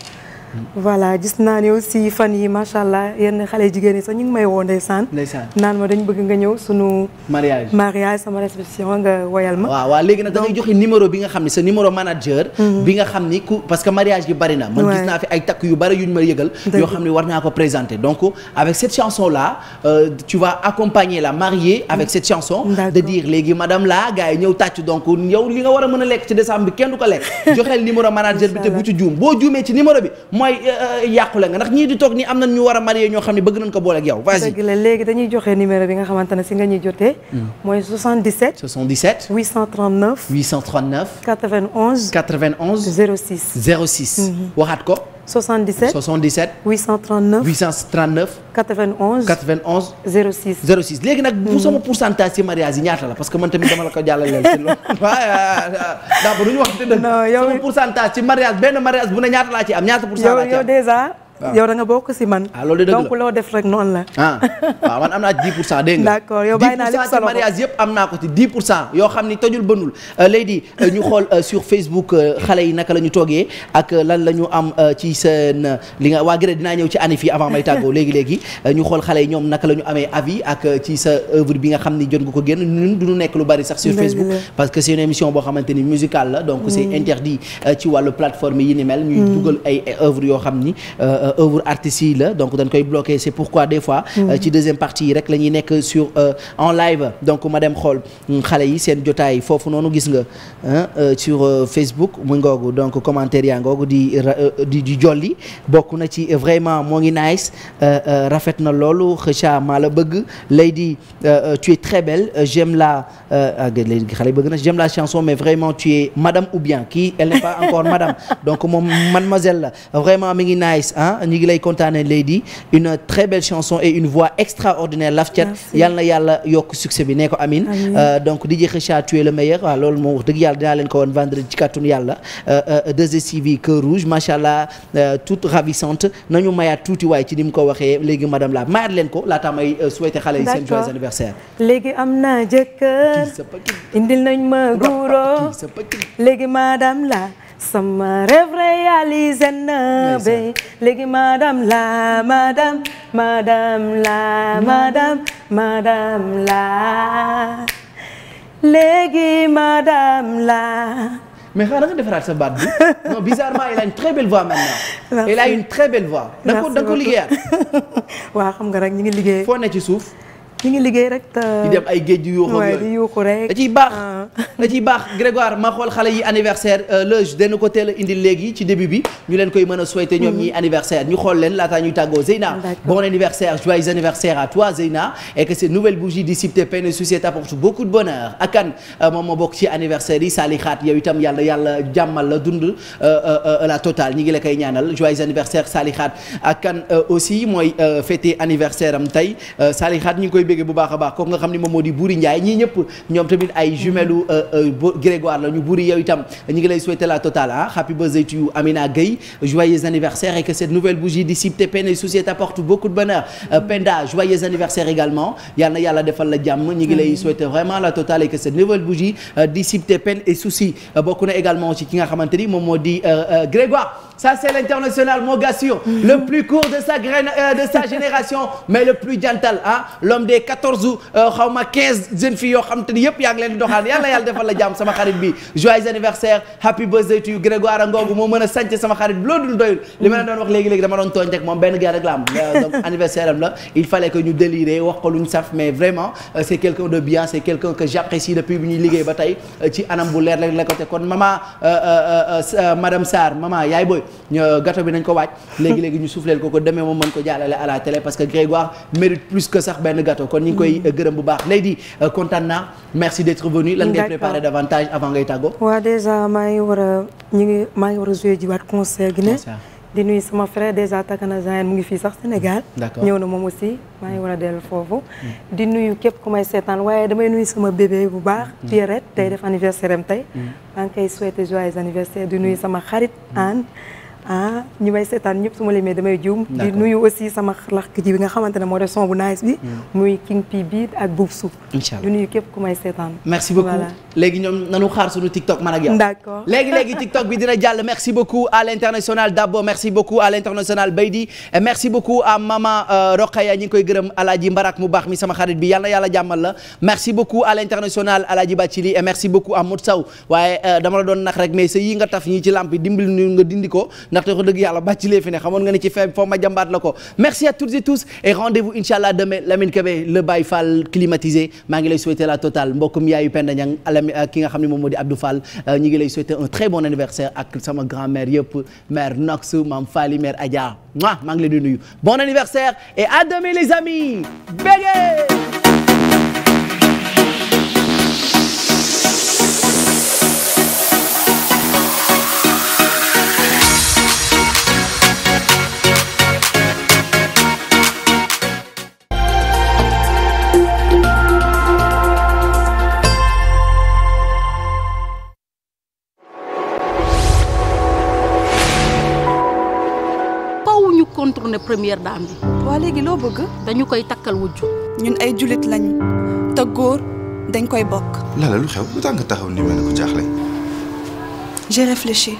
voilà gis naa ne aussi fan yi macha allah yenn xale jigéen yi sax ñu ngi may woo ndeysaan. ndeysaan naan ma dañ bëgg nga ñëw sunu. mariage mariage sama réception nga woyal ma. waaw waaw nag da ngay joxe numéro bi nga xam ne sa numéro manager. Mhm. bi nga xam ni ku que mariage bi bari na. man gis naa fi ay takk yu bari yuñ ma yëgal. yoo xam ne war naa ko présenté donc avec cette chanson là euh, tu vas accompagner la mariée. avec cette chanson. de dire léegi madame la gars yi ñëw tàcc donc yow li nga war a mën a lekk ci décembre bi kenn du ko lekk. joxeel numéro manager bi te bu boo juumee ci numéro bi mooy euh, euh, yàqule nga ndax ñii di toog nii am na ñu war a marié ñoo xam ne bëgg nañ ko boole ak yow vas-y dëgg la léegi dañuy joxe numéro bi nga xamante ne si nga ñuy jotee hmm. mooy 77 77 839 839 91 91 06 06 waxaat ko 77 77 839 839 91 91 06 06 léegi nag bu sama santa ci mariage yi ñaata la parce que man tamit dama la ko jàllaleel ci loolu daa ba du ñu wax te dëgg sama pourcentage ci mariage benn mariage bu ne ñaata laa ci am ñaata pourcentage yow déjà Ah. yow da nga bokk si man. ah donc loo def rek noonu la. ah waaw man am naa 10 pour cent dégg nga. d'accord yow bàyyi naa lépp solo 10 mariage yëpp am naa ko ci 10 pour cent yoo xam ni tojul bënul euh, léegi euh, ñu xool euh, sur Facebook xale yi naka la ñu toogee ak lan la ñu am ci seen li nga waa gërëm dinaa ñëw ci année fii avant may tàggoo léegi léegi ñu xool xale yi ñoom naka la ñu amee avis ak ci sa œuvre bi nga xam ni jot nga ko génn ñun du ñu nekk lu bari sax sur Facebook parce que c'est émission boo xamante ni musicale la donc c'est mm. interdit ci wàllu plateforme yi ni mel ñuy mm. dugal ay œuvre yoo xam ni Euh, œuvre artistes yi la donc dañ koy bloqué c'est pourquoi des mm. euh, ci deuxième partie yi rek la ñuy nekk sur euh, en live donc ma dem xool mm, xale yi seen jotaay foofu noonu gis nga sur Facebook mu ngoogu donc commentaire yaa ngoogu di di di jolli bokk na ci vraiment moo ngi nice rafet na loolu xëcha maa la bëgg Lady tu es très belle la ah, Lady xale yi na j'aime la chanson mais vraiment tu es madame ou bien qui elle n'est pas encore madame donc moom mademoiselle la vraiment mi ngi nice ñu ngi lay kontaane Lady une très belle chanson et une voix extraordinaire laf cat yal na yàlla yokk succès bi nee ko amin euh, donc DJ Kheucha a es le meilleur waaw ah, loolu moom wax yàlla dinaa leen ko woon ci kàttun yàlla 2STV euh, euh, Cœur Rouge macha allah toute ravissante nañu mayaat tuuti waay ci ni mu ko waxee léegi madame la mayaat leen ko laata may souhaité xale yi seen joyeux anniversaire léegi am naa jëkkër indil nañ ma guuro sama rêve réalisé na béy léegi madame la madame madame la madame madame la léegi madame la. mais xanaa da nga defaraat sa baat bi non bizarrement il a une très belle voix maintenant. il a une très belle voix. da nga ko da nga ko liggéeyaat. waaw xam nga rek ñu ngi liggéey. foo ne ci suuf. ki ngi liggéey rek te. di dem ay géej yu yuuxu ak yooyu rek. da ah. baax Grégoire ma xool xale yi anniversaire euh, loge dana ko teel a indil léegi ci début bi ñu leen koy mën a souhaiter ñoom ñi mm-hmm. anniversaire ñu xool leen laataa ñuy tàggoo Zeyna. bon anniversaire joyeux anniversaire à toi Zeyna et que ces nouvelles bougies dissipées peine et soucis beaucoup bonheur ak euh, moom moo bokk ci anniversaire yi Sali yow itam yàlla yàlla jàmmal la dund euh, la totale ñu ngi la koy ñaanal joyeux anniversaire Sali Khat ak kan aussi mooy fêté anniversaire am tey bégge bu baax a baax kooku nga xam ni moom moo di Buri Ndiaye ñii ñëpp ñoom tamit ay jumelu mm-hmm. euh, euh, Grégoire la ñu Buri yow itam ñu ngi lay souhaiter la totale ah happy birthday to you Amina Gueye joyeux anniversaire et cette nouvelle bougie dissipe tes et soucis t'apporte beaucoup de bonheur euh, mm-hmm. Penda joyeux anniversaire également yal na yàlla defal la jàmm ñi ngi lay mm-hmm. souhaiter vraiment la totale et cette nouvelle bougie dissipe tes et soucis bokk na également ci ki nga xamante ni moom moo di ca c'est l'international Mogassion le plus court de sa graine euh, de génération mais le plus jantal l'homme des 14 ou euh, xaw ma 15 jeunes yoo xam te ni yëpp yaa ngi leen di doxaan yàlla yàlla defal la jàmm sama xarit bi joyeux anniversaire happy birthday to you Grégoire Ngoogu moo mën a sant sama xarit bi loolu dul li ma leen doon wax léegi léegi dama doon tooñ rek moom benn gars rek la am euh, donc anniversaire am la il fallait que ñu délirer wax ko lu ñu saf mais vraiment euh, c'est quelqu'un de bien c'est quelqu'un que j'apprécie depuis bu leer rek la ko te kon maman madame Sarr maman yaay boy gâteau bi nañ ko waaj léegi léegi ñu souffleel ko ko demee moom mën ko jàllale à la télé parce que Grégoire mérite plus que sax benn gâteau kon ñu ngi koy mm-hmm. gërëm bu baax Lady euh, kontaan naa merci d'être venu lan ngay préparer davantage avant ngay tàggoo waaw déjà maa ngi war a ngi maa ngi war a joué jiwaat concert gi ne di nuyu sama frère déjà Takana Zayen mu ngi fii sax Sénégal ñëw na moom aussi maa ngi war a dellu foofu mm. di nuyu képp ku may seetaan waaye damay nuyu sama bébé bu baax mm. Pierrette tey mm. def anniversaire am tey maa ngi koy souhaiter joyeux anniversaire di nuyu sama xarit Anne ah ñi may ñëpp su ma limee damay juum di nuyu bi nga xamante ne moo def hmm. P ku may seetaan merci beaucoup léegi ñoom nanu xaar suñu TikTok man ak yow d'accord léegi léegi TikTok bi dina jàll merci beaucoup à Dabo merci beaucoup à l'international Baydi merci beaucoup à maman euh, Rokhaya ñi ngi koy gërëm Alaaji Mbarak mu baax mi sama xarit bi yàlla na yàlla jàmmal la merci beaucoup à l'international Alaaji Bacili et merci beaucoup à Modou Sow waaye euh, dama la doon nax rek mais sa yi nga taf ñii ci lamp dimbali ñu nga dindi ko ndaxte ko dëgg yàlla bàcc lee fi ne xamoon nga ne ci feeb foo ma jàmbaat la ko merci à toutes et tous et rendez-vous incha allah demain Lamine Kébé le Baye Fall climatisé maa ngi lay souhaiter la totale mbokkum yaayu Penda Niang ki nga xam ne moom moo di Abdou euh, ngi lay souhaiter un très bon anniversaire ak sama grand-mère yëpp mère Nox maam Fally mère Adja moi maa ngi lay di nuyu bon anniversaire et à demain les amis bége ne première dame bi. waa léegi loo bëgg. dañu koy takkal wujju ñun ay julit lañu te góor dañ koy bokk. lala lu xew lu tax taxaw ni mel ne ko jaaxle. j'ai réfléchi.